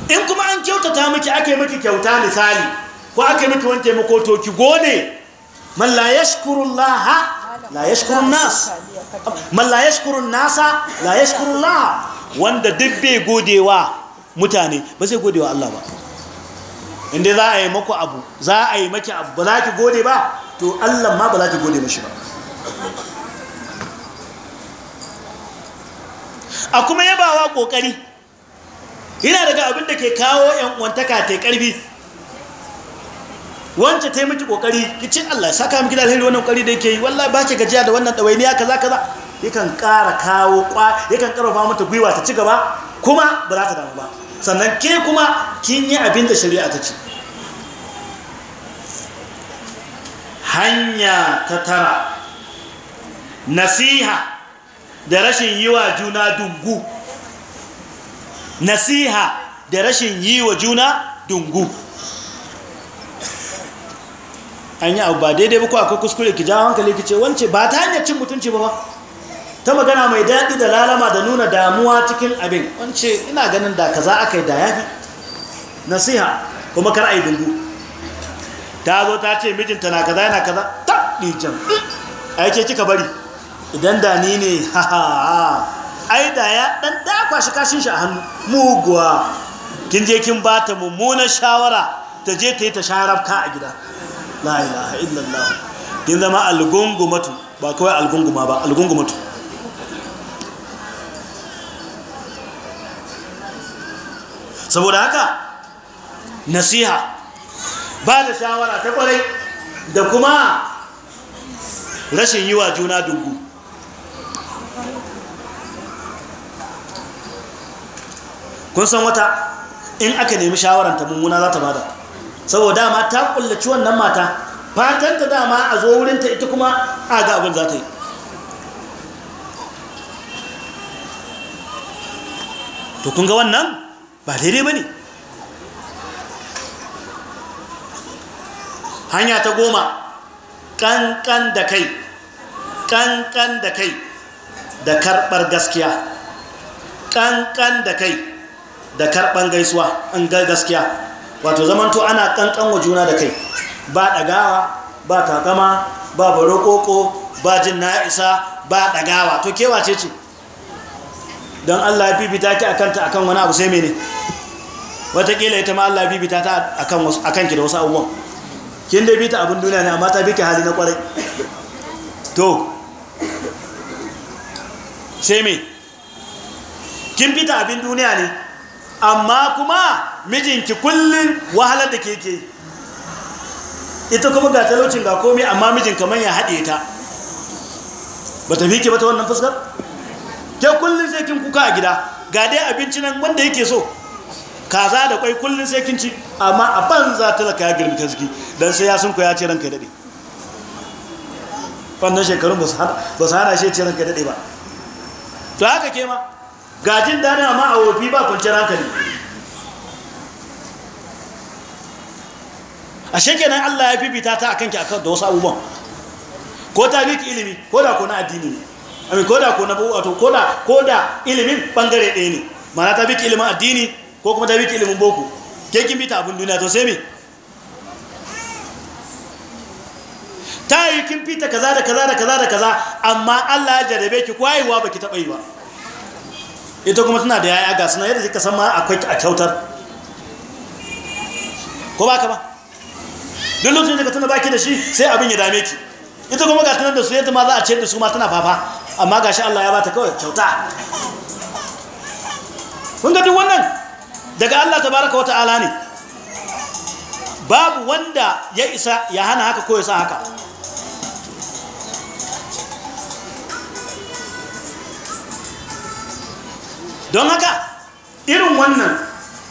in kuma an kyautata miki ake miki kyauta misali ko ake miki wani taimako to ki gode man la yashkuru Allah la yashkuru nas man la yashkuru nasa la yashkuru Allah wanda duk bai godewa mutane ba sai godewa Allah ba inda za a yi maku abu za a yi maki abu ba za ki gode ba to Allah ma ba za ki gode mashi ba a kuma yabawa kokari yana daga abin da ke kawo yan wantaka ta karbi wance ta yi miki kokari ki Allah ya saka miki da alheri wannan kokari da yake yi wallahi ba ke gajiya da wannan dawainiya kaza kaza yakan ƙara kawo kwa yakan karfafa mata gwiwa ta ci gaba kuma ba za ta damu ba sannan ke kuma kin yi abin da shari'a ta ce hanya ta tara nasiha da rashin yi juna dungu nasiha da rashin yi wa juna dungu an yi abu ba daidai ba ko akwai kuskure ki jawo hankali ki ce wance ba ta hanyar cin mutunci ba ba ta magana mai daɗi da lalama da nuna damuwa cikin abin wance ina ganin da kaza aka yi da ya fi. nasiha kuma kar a yi dungu ta zo ta ce mijinta na kaza yana kaza ta ɗijan aike kika bari idan da ni ne ha ha ha ai da ya dan dakwa shi kashin shi a hannu muguwa kin je kin ba ta mummunar shawara ta je ta yi ta sharafka a gida la ilaha illallah kin zama algungumatu ba kawai algunguma ba algungumatu saboda haka nasiha ba da shawara ta kwarai da kuma rashin yiwa juna dungu kun san wata in aka nemi ta mummuna za ta bada saboda dama ta kullaci wannan mata fatan ta dama a zo wurin ta ita kuma a ga abin za ta yi to kun ga wannan ba daidai ba ne hanya ta goma kankan da kai kankan da kai da karbar gaskiya kankan da kai da karɓan gaisuwa in ga gaskiya wato zamanto ana ƙanƙan wa juna da kai ba ɗagawa ba takama ba barokoko ba jin na'isa ba ɗagawa to kewa ce ce don allah ya bibita ki a kanta a kan wani abu sai mene watakila ita ma allah ya bibita ta a kan ki da wasu abubuwan kin dai bita abin duniya ne amma ta bi hali na kwarai to sai me kin bita abin duniya ne amma kuma mijinki kullum wahalar da keke ita kuma ga talocin ga komai amma mijin kamar ya haɗe ta ba ta fike ba ta wannan fuskar ke kullum sai kin kuka a gida ga dai abinci nan wanda yake so kaza da kwai kullum sai kin ci amma a ban ta talaka ya girmi ziki don sai ya sunku ya ce ranka daɗe wannan shekarun ba su hana shi ce ranka daɗe ba to haka ke ma gajin daɗin amma a wofi ba kwanciyar hankali a shekenan Allah ya fifita ta a kanki da wasu abubuwan ko ta biki ilimi ko da ko na addini ne amin ko da ko na wato ko da ko da ilimin bangare ɗaya ne mana ta biki ilimin addini ko kuma ta biki ilimin boko ke kin abin duniya to sai me ta yi kin fita kaza da kaza da kaza da kaza amma Allah ya jarabe ki kwayewa baki taɓa yi ba ita kuma tana da yaya ga suna yadda suka san ma akwai a kyautar ko ba ka ba duk lokacin da ka tana baki da shi sai abin ya dame ki ita kuma ga tana da su yadda ma za a ce da su ma tana fafa amma ga shi Allah ya ba ta kawai kyauta kun ga duk wannan daga Allah tabaraka wa ta'ala ne babu wanda ya isa ya hana haka ko ya sa haka don haka irin wannan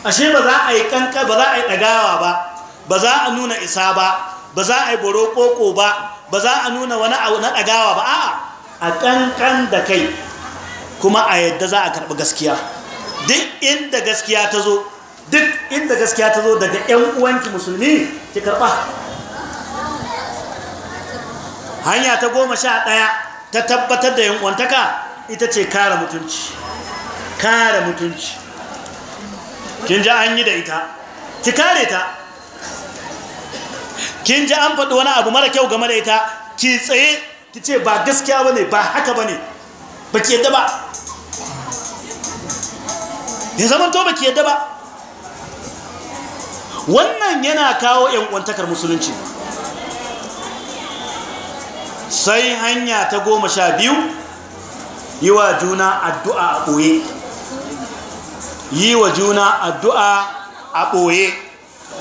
ashe ba za a yi kanka ba za a yi ɗagawa ba ba za a nuna isa ba ba za a yi borokoko ba ba za a nuna wani abu na ɗagawa ba a'a a kankan da kai kuma a yadda za a karɓi gaskiya duk inda gaskiya ta zo duk inda gaskiya ta zo daga 'yan uwanki musulmi ki karɓa hanya ta goma sha ɗaya ta tabbatar da uwantaka ita ce kare mutunci kare mutunci kin ji an yi da ita ki kare ta kin ji an faɗi wani abu mara kyau game da ita ki tsaye ki ce ba gaskiya ba ne ba haka ba ne ba ki yadda ba ya zama to ba ki yadda ba wannan yana kawo yankuntakar musulunci sai hanya ta goma sha biyu yi wa juna addu'a a ɓoye yi wa juna addu'a a ɓoye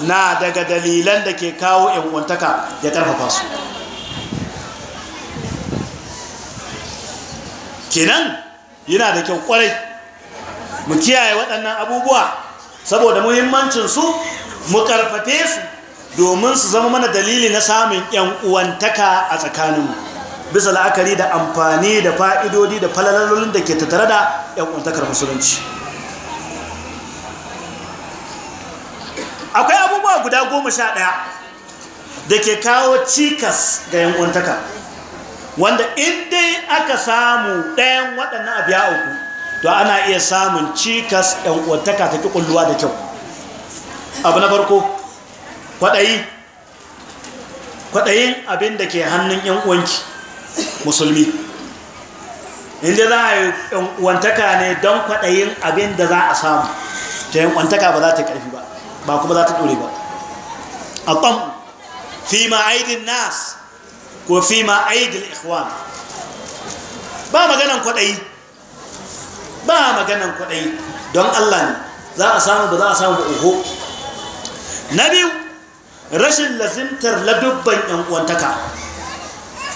na daga dalilan da ke kawo ‘yan'uwantaka ya ƙarfafa su kenan yana da kyau ƙwarai mu kiyaye waɗannan abubuwa saboda muhimmancinsu mu ƙarfafe su domin su zama mana dalili na samun ‘yan'uwantaka a tsakaninmu bisa la'akari da amfani da fa'idodi da falalolin da ke tattare da ‘yan'uwantakar musulunci. akwai abubuwa guda goma sha ɗaya da ke kawo cikas ga yankuntaka wanda in aka samu ɗayan waɗannan abu ya uku to ana iya samun cikas yankuntaka ta fi kulluwa da kyau abu na farko kwaɗayi kwaɗayin abin da ke hannun yankunki musulmi inda za a yi yankuntaka ne don kwaɗayin abin da za a samu ta yankuntaka ba za ta ƙarfi ba ba kuma za ta ɗore ba atam fi ma aidin nas ko fi ma ikhwan ba maganan kwaɗayi ba maganan kwaɗayi don Allah ne za a samu ba za a samu oho na biyu rashin lazimtar ladubban yankuwantaka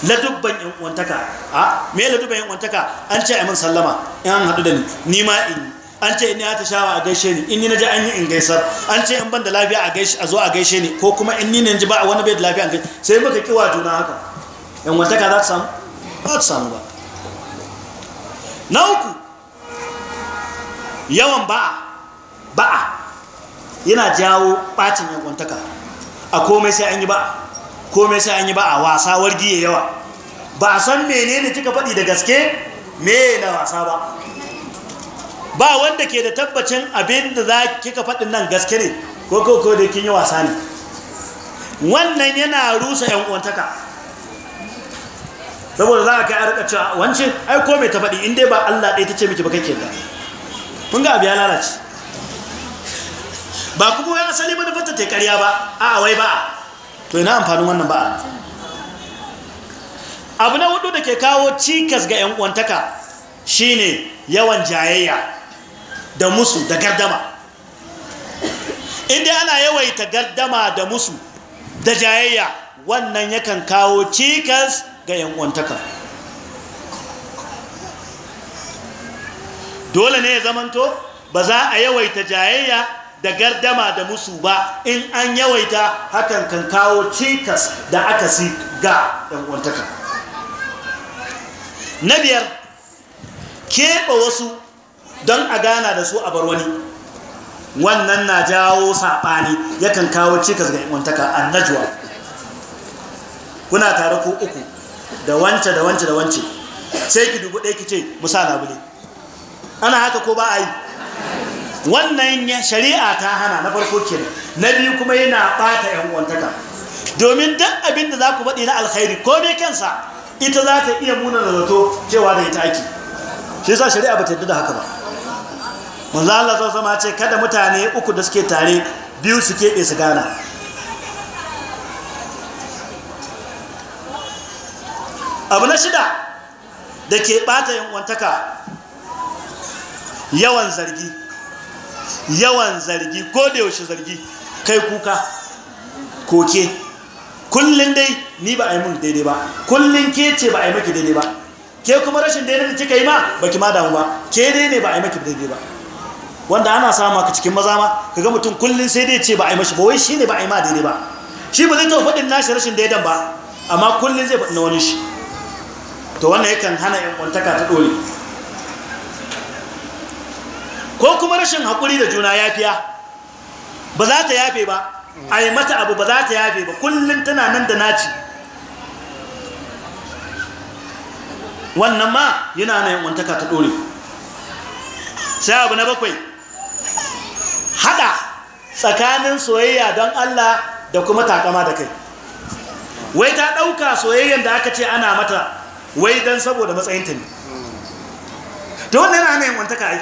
ladubban yankuwantaka a me ladubban yankuwantaka an ce a min sallama yan haɗu da ni ni ma in yi. an ce in ya ta shawa a gaishe ni in ni na ji an yi in gaisar an ce in ban da lafiya a gaishe a zo a gaishe ni ko kuma in ni ne ji ba wani bai da lafiya a gaishe sai muka kiwa juna haka yan wata ka za ta samu ba ta samu ba na uku yawan ba'a ba'a yana jawo bacin yan kwantaka a komai sai an yi ba'a komai sai an yi ba'a wasa wargi yawa ba a san menene kika faɗi da gaske me na wasa ba ba wanda ke da tabbacin abin da za kika faɗin nan gaske ne ko ko ko da kin yi wasa ne wannan yana rusa yan uwantaka saboda za ka kai a cewa wance ai ko mai ta faɗi in dai ba Allah ɗaya ta ce miki ba kake da kun ga abu ya lalace ba kuma ya asali fata ta ƙarya ba a wai ba to ina amfanin wannan ba abu na hudu da ke kawo cikas ga yan uwantaka shine yawan jayayya da musu da gardama inda ana yawaita gardama da musu da jayayya wannan yakan kawo cikas ga yankwantaka dole ne ya zamanto ba za a yawaita jayayya da gardama da musu ba in an yawaita hakan kan kawo cikas da aka si ga yankwantaka na biyar keɓe wasu don a gana da su a bar wani wannan na jawo saɓani yakan kawo cikas ga imantaka annajuwa kuna tare ko uku da wance da wance da wance sai ki dubu ɗaya ki ce musa labule ana haka ko ba a yi wannan shari'a ta hana na farko ke na biyu kuma yana ɓata yan uwantaka domin duk abin da za ku baɗi na alkhairi ko mai kansa ita za ta iya muna zato cewa da ita ake shi sa shari'a ba ta yadda da haka ba manzo Allah ce kada mutane uku da suke tare biyu su keɓe su gana abu na shida da ke ɓata wantaka yawan zargi yawan zargi ko da yaushe zargi kai kuka koke kullum dai ni ba a yi mulki daidai ba kullum ke ce ba a yi maki daidai ba ke kuma rashin daidai da kika yi ma baki ma damu ba ke dai ne ba a yi maki daidai ba wanda ana samu ka cikin maza ma kaga mutum kullun sai dai ce ba a yi mashi ba wai shine ba a yi ma daidai ba shi ba zai taɓa faɗin nashi rashin daidan ba amma kullun zai faɗi na wani shi to wannan yakan hana yan kwantaka ta dole ko kuma rashin haƙuri da juna yafiya ba za ta yafe ba a yi mata abu ba za ta yafe ba kullum tana nan da naci wannan ma yana na kwantaka ta ɗore sai abu na bakwai hada tsakanin soyayya don Allah da kuma takama da kai wai ta ɗauka soyayyan da aka ce ana mata wai don saboda matsayinta ne ta wannan yana wanta yankwantaka ai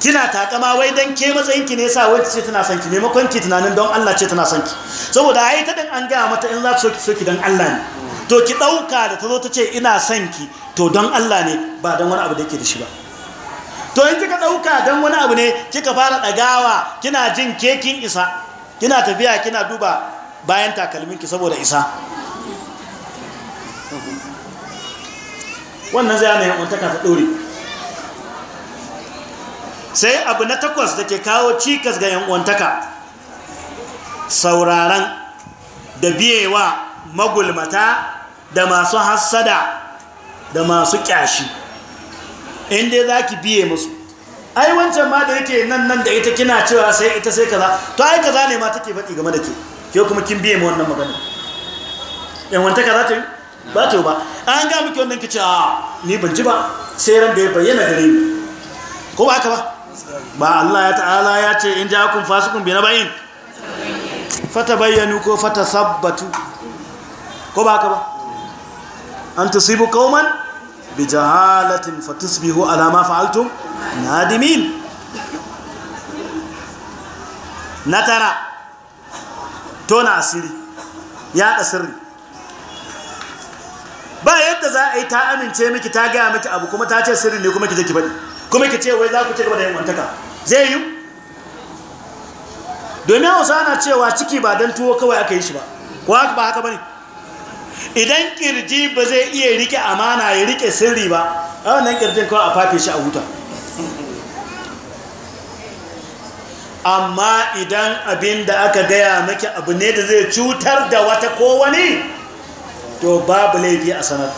kina takama wai don ke matsayinki ne sa wacce ce tana sanki maimakon ki tunanin don Allah ce tana sanki saboda yi ta ɗin an gaya mata in za ta soki soki don Allah ne to ki ɗauka da ta zo ta ce ina sanki to don Allah ne ba don wani abu da ke da shi ba to in kika ɗauka dan wani abu ne kika fara ɗagawa kina jin kekin isa kina tafiya kina duba bayan takalmin saboda isa wannan zai ne untaka ta dore sai abu na takwas da ke kawo cikas ga yan'uwantaka sauraron da biyewa magulmata da masu hassada da masu kyashi in dai za ki biye musu ai wancan ma da yake nan nan da ita kina cewa sai ita sai kaza to ai kaza ne ma take faɗi game da ke ke kuma kin biye mu wannan magana yan wanta kaza ta yi ba to ba an ga miki wannan ce a ni ban ji ba sai ran da ya bayyana gare ni ko ba haka ba ba Allah ya ta'ala ya ce in ja kun fasikun bi na bayin fata bayyanu ko fata sabbatu ko ba haka ba an tusibu qauman bi jahalatin fatusbihu alama ma na nadimin na tara tona asiri yaɗa sirri ba yadda za a yi ta amince miki ta gaya miki abu kuma ta ce sirri ne kuma ki ki faɗi kuma ki ce wai za ku ci gaba da yin wantaka zai yi domin hausa na cewa ciki ba don tuwo kawai aka yi shi ba ko haka ba haka ba ne idan kirji ba zai iya rike amana ya rike sirri ba a wannan kirjin kawai a fafe shi a wuta amma idan abin da aka gaya maki abu ne da zai cutar da wata kowani to babu laifi a sanar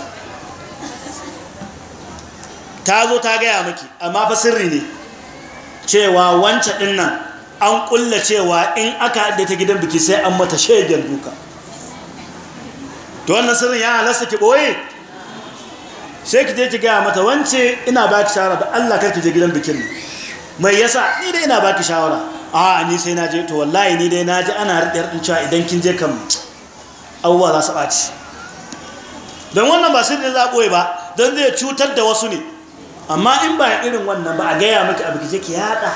ta zo ta gaya maki amma fa sirri ne cewa wancan ɗinnan an ƙulla cewa in aka haɗe ta gidan biki sai an mata shegen duka to wannan sirrin ya halasta ki boye sai ki je ki gaya mata wance ina baki shawara da Allah kar ki je gidan bikin mai yasa ni dai ina baki shawara a ni sai na je to wallahi ni dai na ji ana rade radin cewa idan kin je kan abubuwa za su ɓaci don wannan ba sirrin za a ba don zai cutar da wasu ne amma in ba irin wannan ba a gaya maki abu ki je ki yaɗa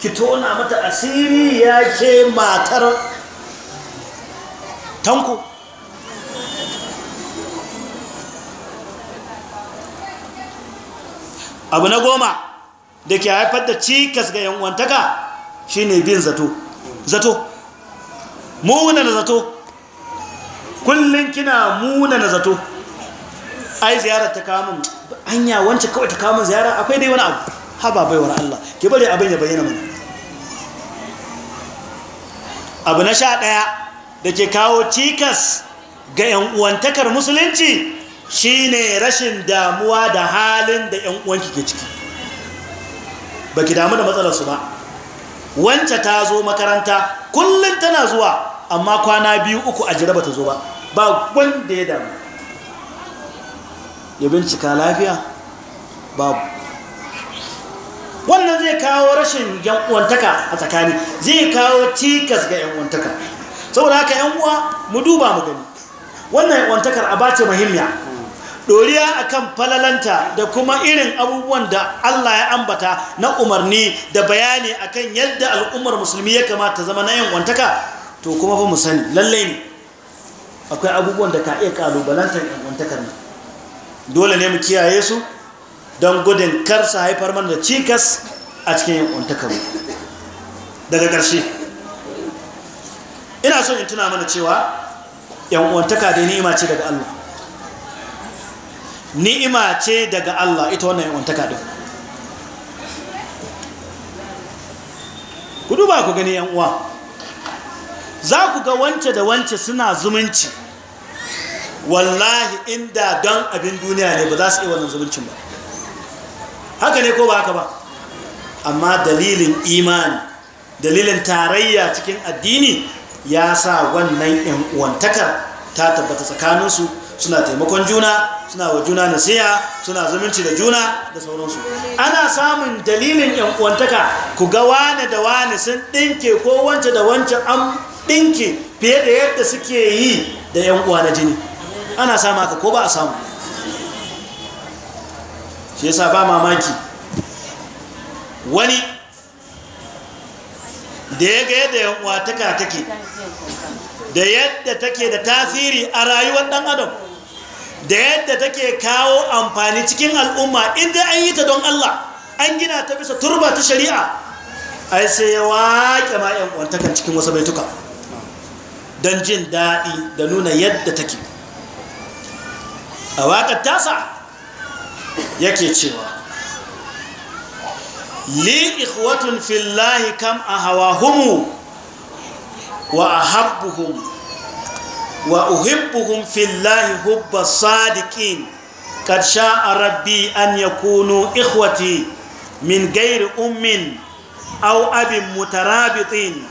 ki tona mata asiri ya ke matar tanko abu na goma da ke haifar da cikas ga shi ne bin zato zato muna na zato kullum kina muna na zato ai ziyarar ta kamun hanya wance kawai ta kamun ziyara akwai dai wani abu haba baiwar Allah ki bari abin ya bayyana mana abu na sha ɗaya da ke kawo cikas ga 'yan uwantakar musulunci Shi ne rashin damuwa da halin da ƴan ke ciki baki damu da matsalarsu ba Wancan ta zo makaranta kullum tana zuwa amma kwana biyu uku a jiraba ta zo ba ba wanda ya damu ya bincika lafiya babu wannan zai kawo rashin yan'uwantaka a tsakani zai kawo cikas ga yan'uwantaka saboda haka yan'uwa mu duba mu gani wannan yan'uwantakar a bace muhimmiya doriya akan falalanta da kuma irin abubuwan da Allah ya ambata na umarni da bayani akan yadda al'ummar musulmi ya kamata zama na yin wantaka to kuma fa musani lallai ne akwai abubuwan da ka iya kalubalantar yan wantakar ne dole ne mu kiyaye su don gudun kar su haifar mana da cikas a cikin yan daga ƙarshe ina so in tuna mana cewa yan wantaka dai ni'ima ce daga Allah ni'ima ce daga Allah ita wannan yawantaka din ku duba ku gani yan uwa za ku ga wance da wance suna zumunci wallahi inda don abin duniya ne ba za su iya wannan zumuncin ba haka ne ko ba haka ba amma dalilin imani dalilin tarayya cikin addini ya sa wannan 'yan uwantakar ta tabbata tsakaninsu suna taimakon juna suna wa juna nasiya suna zumunci da juna da sauransu ana samun dalilin yan uwantaka ku ga wane da wane sun dinke ko wance da wance an dinke fiye da yadda suke yi da yan uwa na jini ana samu haka ko ba a samu shi yasa ba mamaki wani da ya ga yadda yan uwa take da yadda take da tasiri a rayuwar dan adam da yadda take kawo amfani cikin al'umma inda an yi ta don Allah an gina ta bisa turba ta shari'a ai sai ya waƙe ma 'yan uwantakan cikin wasu baituka don jin daɗi da nuna yadda take a waƙar tasa yake cewa li ikhwatun fillahi kam a hawa humu wa a humu. وأحبهم في الله حب الصادقين قد شاء ربي أن يكونوا إخوتي من غير أم أو أب مترابطين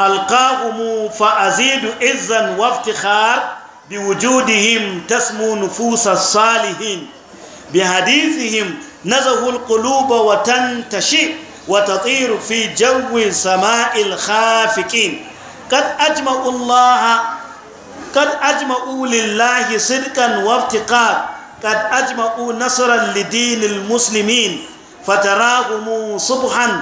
ألقاهم فأزيد عزا وافتخار بوجودهم تسمو نفوس الصالحين بحديثهم نزه القلوب وتنتشئ وتطير في جو سماء الخافقين قد أجمع الله kad ajma'u lillahi sidqan wa iftiqar kad ajma'u nasran lidinil muslimin fatarahumu subhan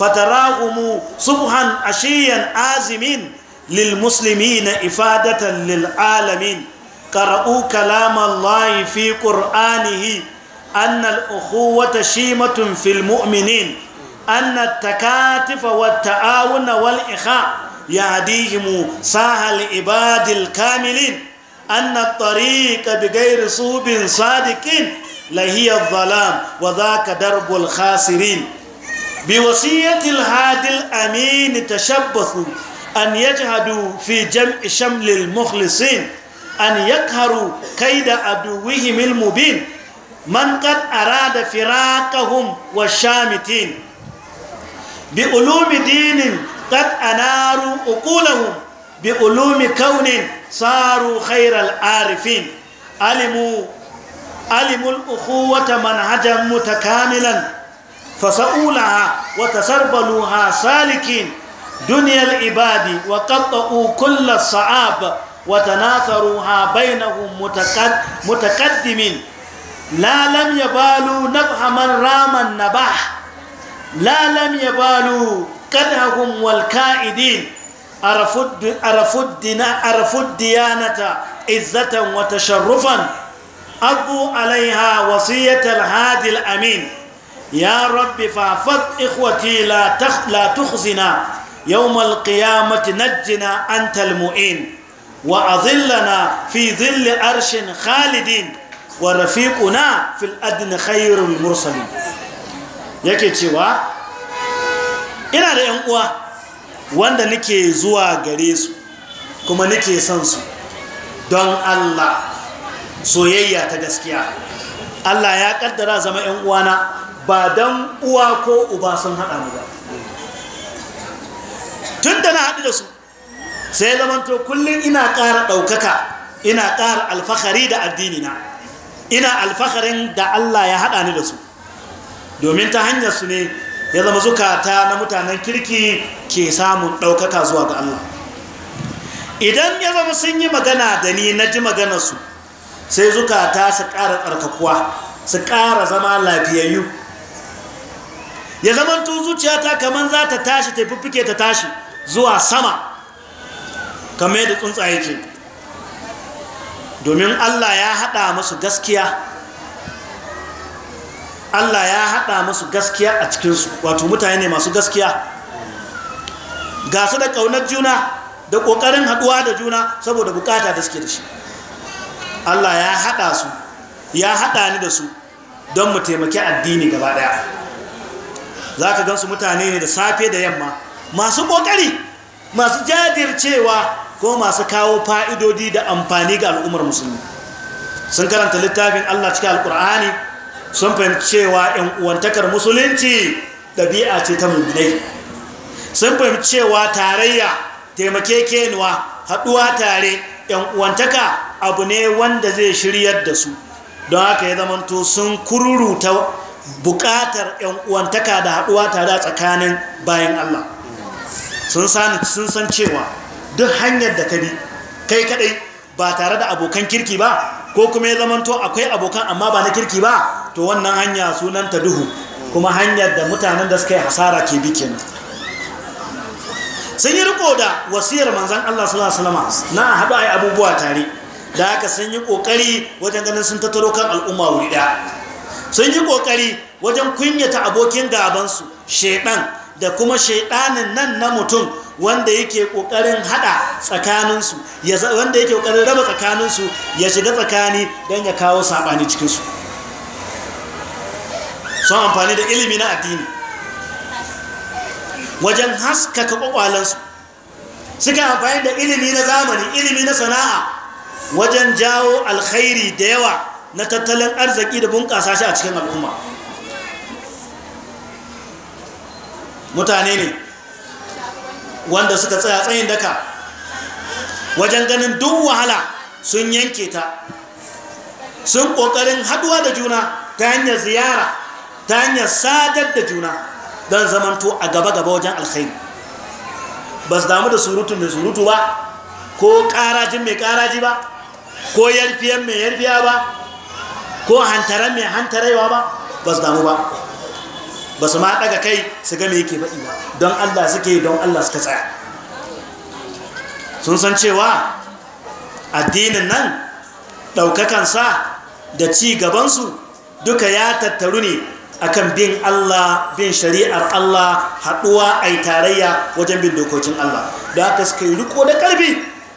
fatarahumu subhan ashiyan azimin lil muslimina ifadatan lil alamin قرأوا كلام الله في قرآنه أن الأخوة شيمة في المؤمنين أن التكاتف والتعاون والإخاء يعديهم ساها العباد الكاملين أن الطريق بغير صوب صادق لهي الظلام وذاك درب الخاسرين بوصية الهادي الأمين تشبثوا أن يجهدوا في جمع شمل المخلصين أن يقهروا كيد عدوهم المبين من قد أراد فراقهم والشامتين بألوم دين قد أناروا أقولهم بعلوم كون صاروا خير العارفين علموا علموا الأخوة منهجا متكاملا فسؤولها وتسربلوها سالكين دنيا العباد وقطعوا كل الصعاب وتناثروها بينهم متقد متقدمين لا لم يبالوا نبح من رام النبح لا لم يبالوا Kada wal ka'idin arafu diyanata izzatan wa tasharrufan abu alaiha wasiyatal hadil amin ya rabbi fafat ikwati la tukhzina yawmal qiyamati najjina antal mu'in وأظلنا في ظل أرش خالدين ورفيقنا في الأدن خير المرسلين yake cewa ina da yan uwa wanda nake zuwa gare su kuma nake son su don Allah soyayya ta gaskiya Allah ya kaddara zama yan uwana ba don uwa ko uba sun haɗa mu ba tun da na haɗu da su sai zamanto kullum ina ƙara ɗaukaka ina ƙara alfahari da addini na ina alfaharin da Allah ya haɗa ni da su domin ta hanyar su ne ya zama zukata na mutanen kirki ke samun ɗaukaka zuwa ga Allah idan ya zama sun yi magana da ni na ji su, sai zukata su ƙara tsarkakuwa su ƙara zama lafiyayyu ya zama tun zuciyata kamar za ta tashi ta fiffike ta tashi zuwa sama kamar yadda tsuntsaye ke domin Allah ya haɗa musu gaskiya Allah ya haɗa masu gaskiya a cikinsu wato mutane ne masu gaskiya ga da ƙaunar juna da ƙoƙarin haɗuwa da juna saboda buƙata da suke da shi Allah ya haɗa su ya haɗa ni da su don mu taimaki addini gaba ɗaya za ka gansu mutane ne da safe da yamma masu ƙoƙari masu jajircewa ko masu kawo fa'idodi da amfani ga al'ummar musulmi sun karanta littafin Allah cikin Alkur'ani. sun fahimci cewa ‘yan uwantakar musulunci ɗabi'a ce ta mummunai sun fahimci cewa tarayya kenuwa haɗuwa tare ‘yan uwantaka abu ne wanda zai shiryar da su don haka ya zamanto sun ta buƙatar ‘yan uwantaka da haɗuwa tare a tsakanin bayan Allah sun san cewa duk hanyar da ka bi kai kaɗai ba tare da abokan kirki ba ko kuma ya zamanto akwai abokan amma ba na kirki ba to wannan hanya sunanta duhu kuma hanyar da mutanen da suka yi hasara ke bi kenan sun yi riko da wasiyar manzan Allah sallallahu alaihi wasallam na haɗu a abubuwa tare da haka sun yi ƙoƙari wajen ganin sun tattaro kan al'umma wuri ɗaya sun yi ƙoƙari wajen kunyata abokin gabansu shedan da kuma shaidanin nan na mutum wanda yake kokarin hada tsakaninsu wanda yake kokarin raba tsakaninsu ya shiga tsakani don ya kawo sabani cikinsu sun amfani da ilimi na addini wajen haskaka kwakwalansu suka amfani da ilimi na zamani ilimi na sana'a wajen jawo alkhairi da yawa na tattalin arziki da bunƙasa shi a cikin al'umma mutane ne wanda suka tsaya tsayin daka wajen ganin duk wahala sun yanke ta sun ƙoƙarin haduwa da juna ta hanyar ziyara ta hanyar sadar da juna don zamanto a gaba-gaba wajen alkhairu ba su damu da surutu mai surutu ba ko ƙarajin mai ƙaraji ba ko yarfiyan mai yarfiya ba ko hantaren mai hantarewa ba ba su damu ba ba su ma daga kai su ga yake faɗi ba don Allah suke don Allah suka tsaya sun san cewa addinin nan ɗaukakansa da ci gabansu duka ya tattaru ne akan bin Allah bin shari'ar Allah haɗuwa a tarayya wajen bin dokokin Allah da haka suka yi riko da ƙarfi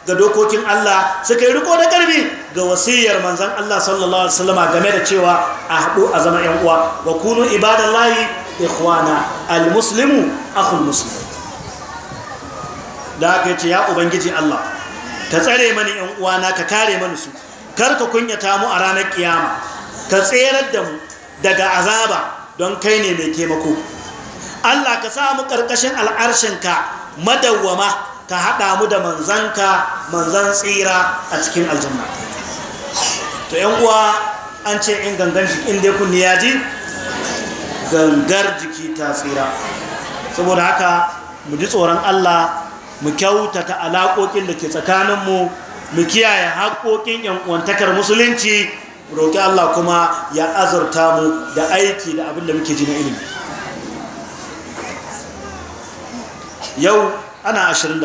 ga dokokin Allah suka yi riko da ƙarfi ga wasiyar manzan Allah sallallahu alaihi wasallama game da cewa a haɗu a zama yan uwa wa kunu ibadallahi al almuslimu akhul muslim da aka ce ya ubangiji Allah ka tsare mani yan uwana ka kare mani su kar ka kunyata mu a ranar kiyama ka tserar da mu daga azaba don kai ne mai taimako Allah ka sa mu karkashin ka madawwama ka hada mu da manzanka manzan tsira a cikin aljanna to yan uwa an ce in gangan shi in dai kun ya ji gangar jiki ta tsira saboda haka mu ji tsoron Allah mu kyautata alaƙoƙin da ke tsakaninmu mu kiyaye haƙoƙin yankuwantakar musulunci roƙi Allah kuma ya azurta mu da aiki da abin da muke ji na ilimi yau ana 27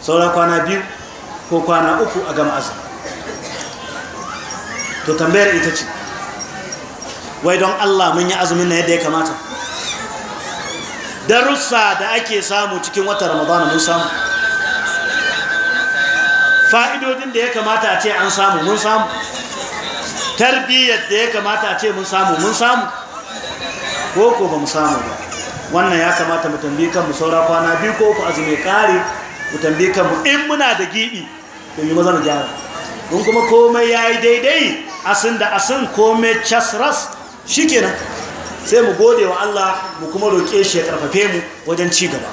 sauran kwana biyu ko kwana uku a gama azumi to tambayar ita ce wai don Allah mun yi azumin na yadda ya kamata darussa da ake samu cikin wata ramadana mun samu fa'idodin da ya kamata a ce an samu mun samu tarbiyyar da ya kamata a ce mun samu mun samu ko ko ba mu samu ba wannan ya kamata mu kan mu saura kwana biyu ko ku azumi kare mu kan mu in muna da gibi to yi maza gyara in kuma komai ya yi daidai asin da asin komai casras Shi kenan sai mu gode wa Allah mu kuma roƙe shi ya ƙarfafe mu wajen ci gaba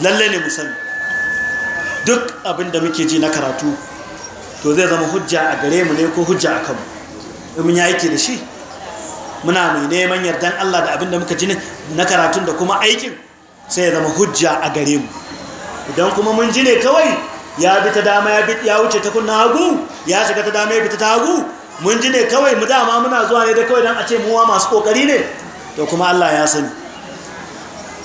lalle ne mu sani duk abin da muke ji na karatu to zai zama hujja a gare mu ne ko hujja a kanmu domin ya yake da shi muna mai neman yardan Allah da abin da muka ji na karatun da kuma aikin sai ya zama hujja a gare mu idan kuma mun ji ne kawai ya bi ta dama ya wuce ta kunna hagu ya shiga ta dama ya bi ta hagu mun ji ne kawai mu dama muna zuwa ne da kawai don a ce muwa masu kokari ne to kuma Allah ya sani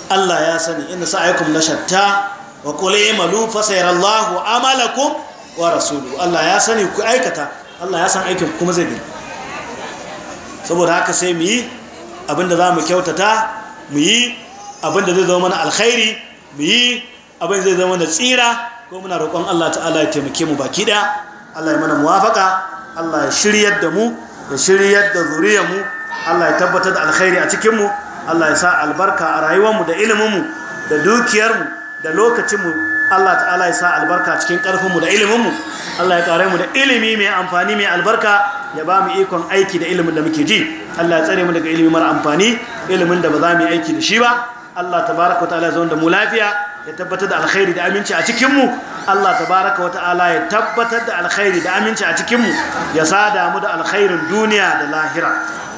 Allah ya sani sa sa'aykum na shatta wa kula yi malu fasayar Allah wa rasuluhu Allah ya sani ku aikata Allah ya san aikin kuma zai bi saboda haka sai mu yi abinda zamu kyautata mu yi abinda zai zama mana alkhairi mu yi abin zai zama mana tsira ko muna roƙon Allah ta'ala ya taimake mu baki ɗaya Allah ya mana muwafaƙa Allah ya shiryar da mu ya shiryar da zuriyar mu Allah ya tabbatar da alkhairi a cikin mu Allah ya sa albarka a rayuwar mu da iliminmu mu da dukiyar da lokacin mu Allah ta'ala ya sa albarka a cikin karfin mu da ilimin mu Allah ya kare mu da ilimi mai amfani mai albarka ya ba mu ikon aiki da ilimin da muke ji Allah ya tsare mu daga ilimi mara amfani ilimin da ba za mu yi aiki da shi ba Allah tabaraka wa ta'ala ya zo da mu lafiya ya tabbatar da alkhairi da aminci a cikinmu Allah tabaraka wa ta'ala ya tabbatar da alkhairi da aminci a cikinmu ya sada mu da alkhairin duniya da lahira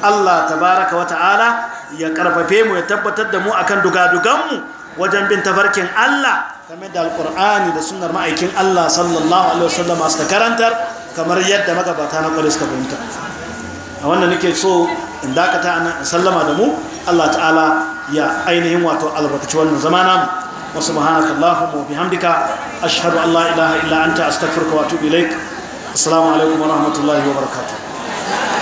Allah tabaraka wa ta'ala ya karfafe mu ya tabbatar da mu akan dugaduganmu wajen bin tafarkin Allah game da alkur'ani da sunnar ma'aikin Allah sallallahu alaihi wasallam suka karantar kamar yadda magabata na kwalis ka fahimta a wannan nake so in dakata ana sallama da mu Allah ta'ala ya ainihin wato albarkaci wannan zamana mu wa subhanaka allahumma wa bihamdika ashhadu ilaha illa anta astaghfiruka wa ilaik assalamu alaikum rahmatullahi wa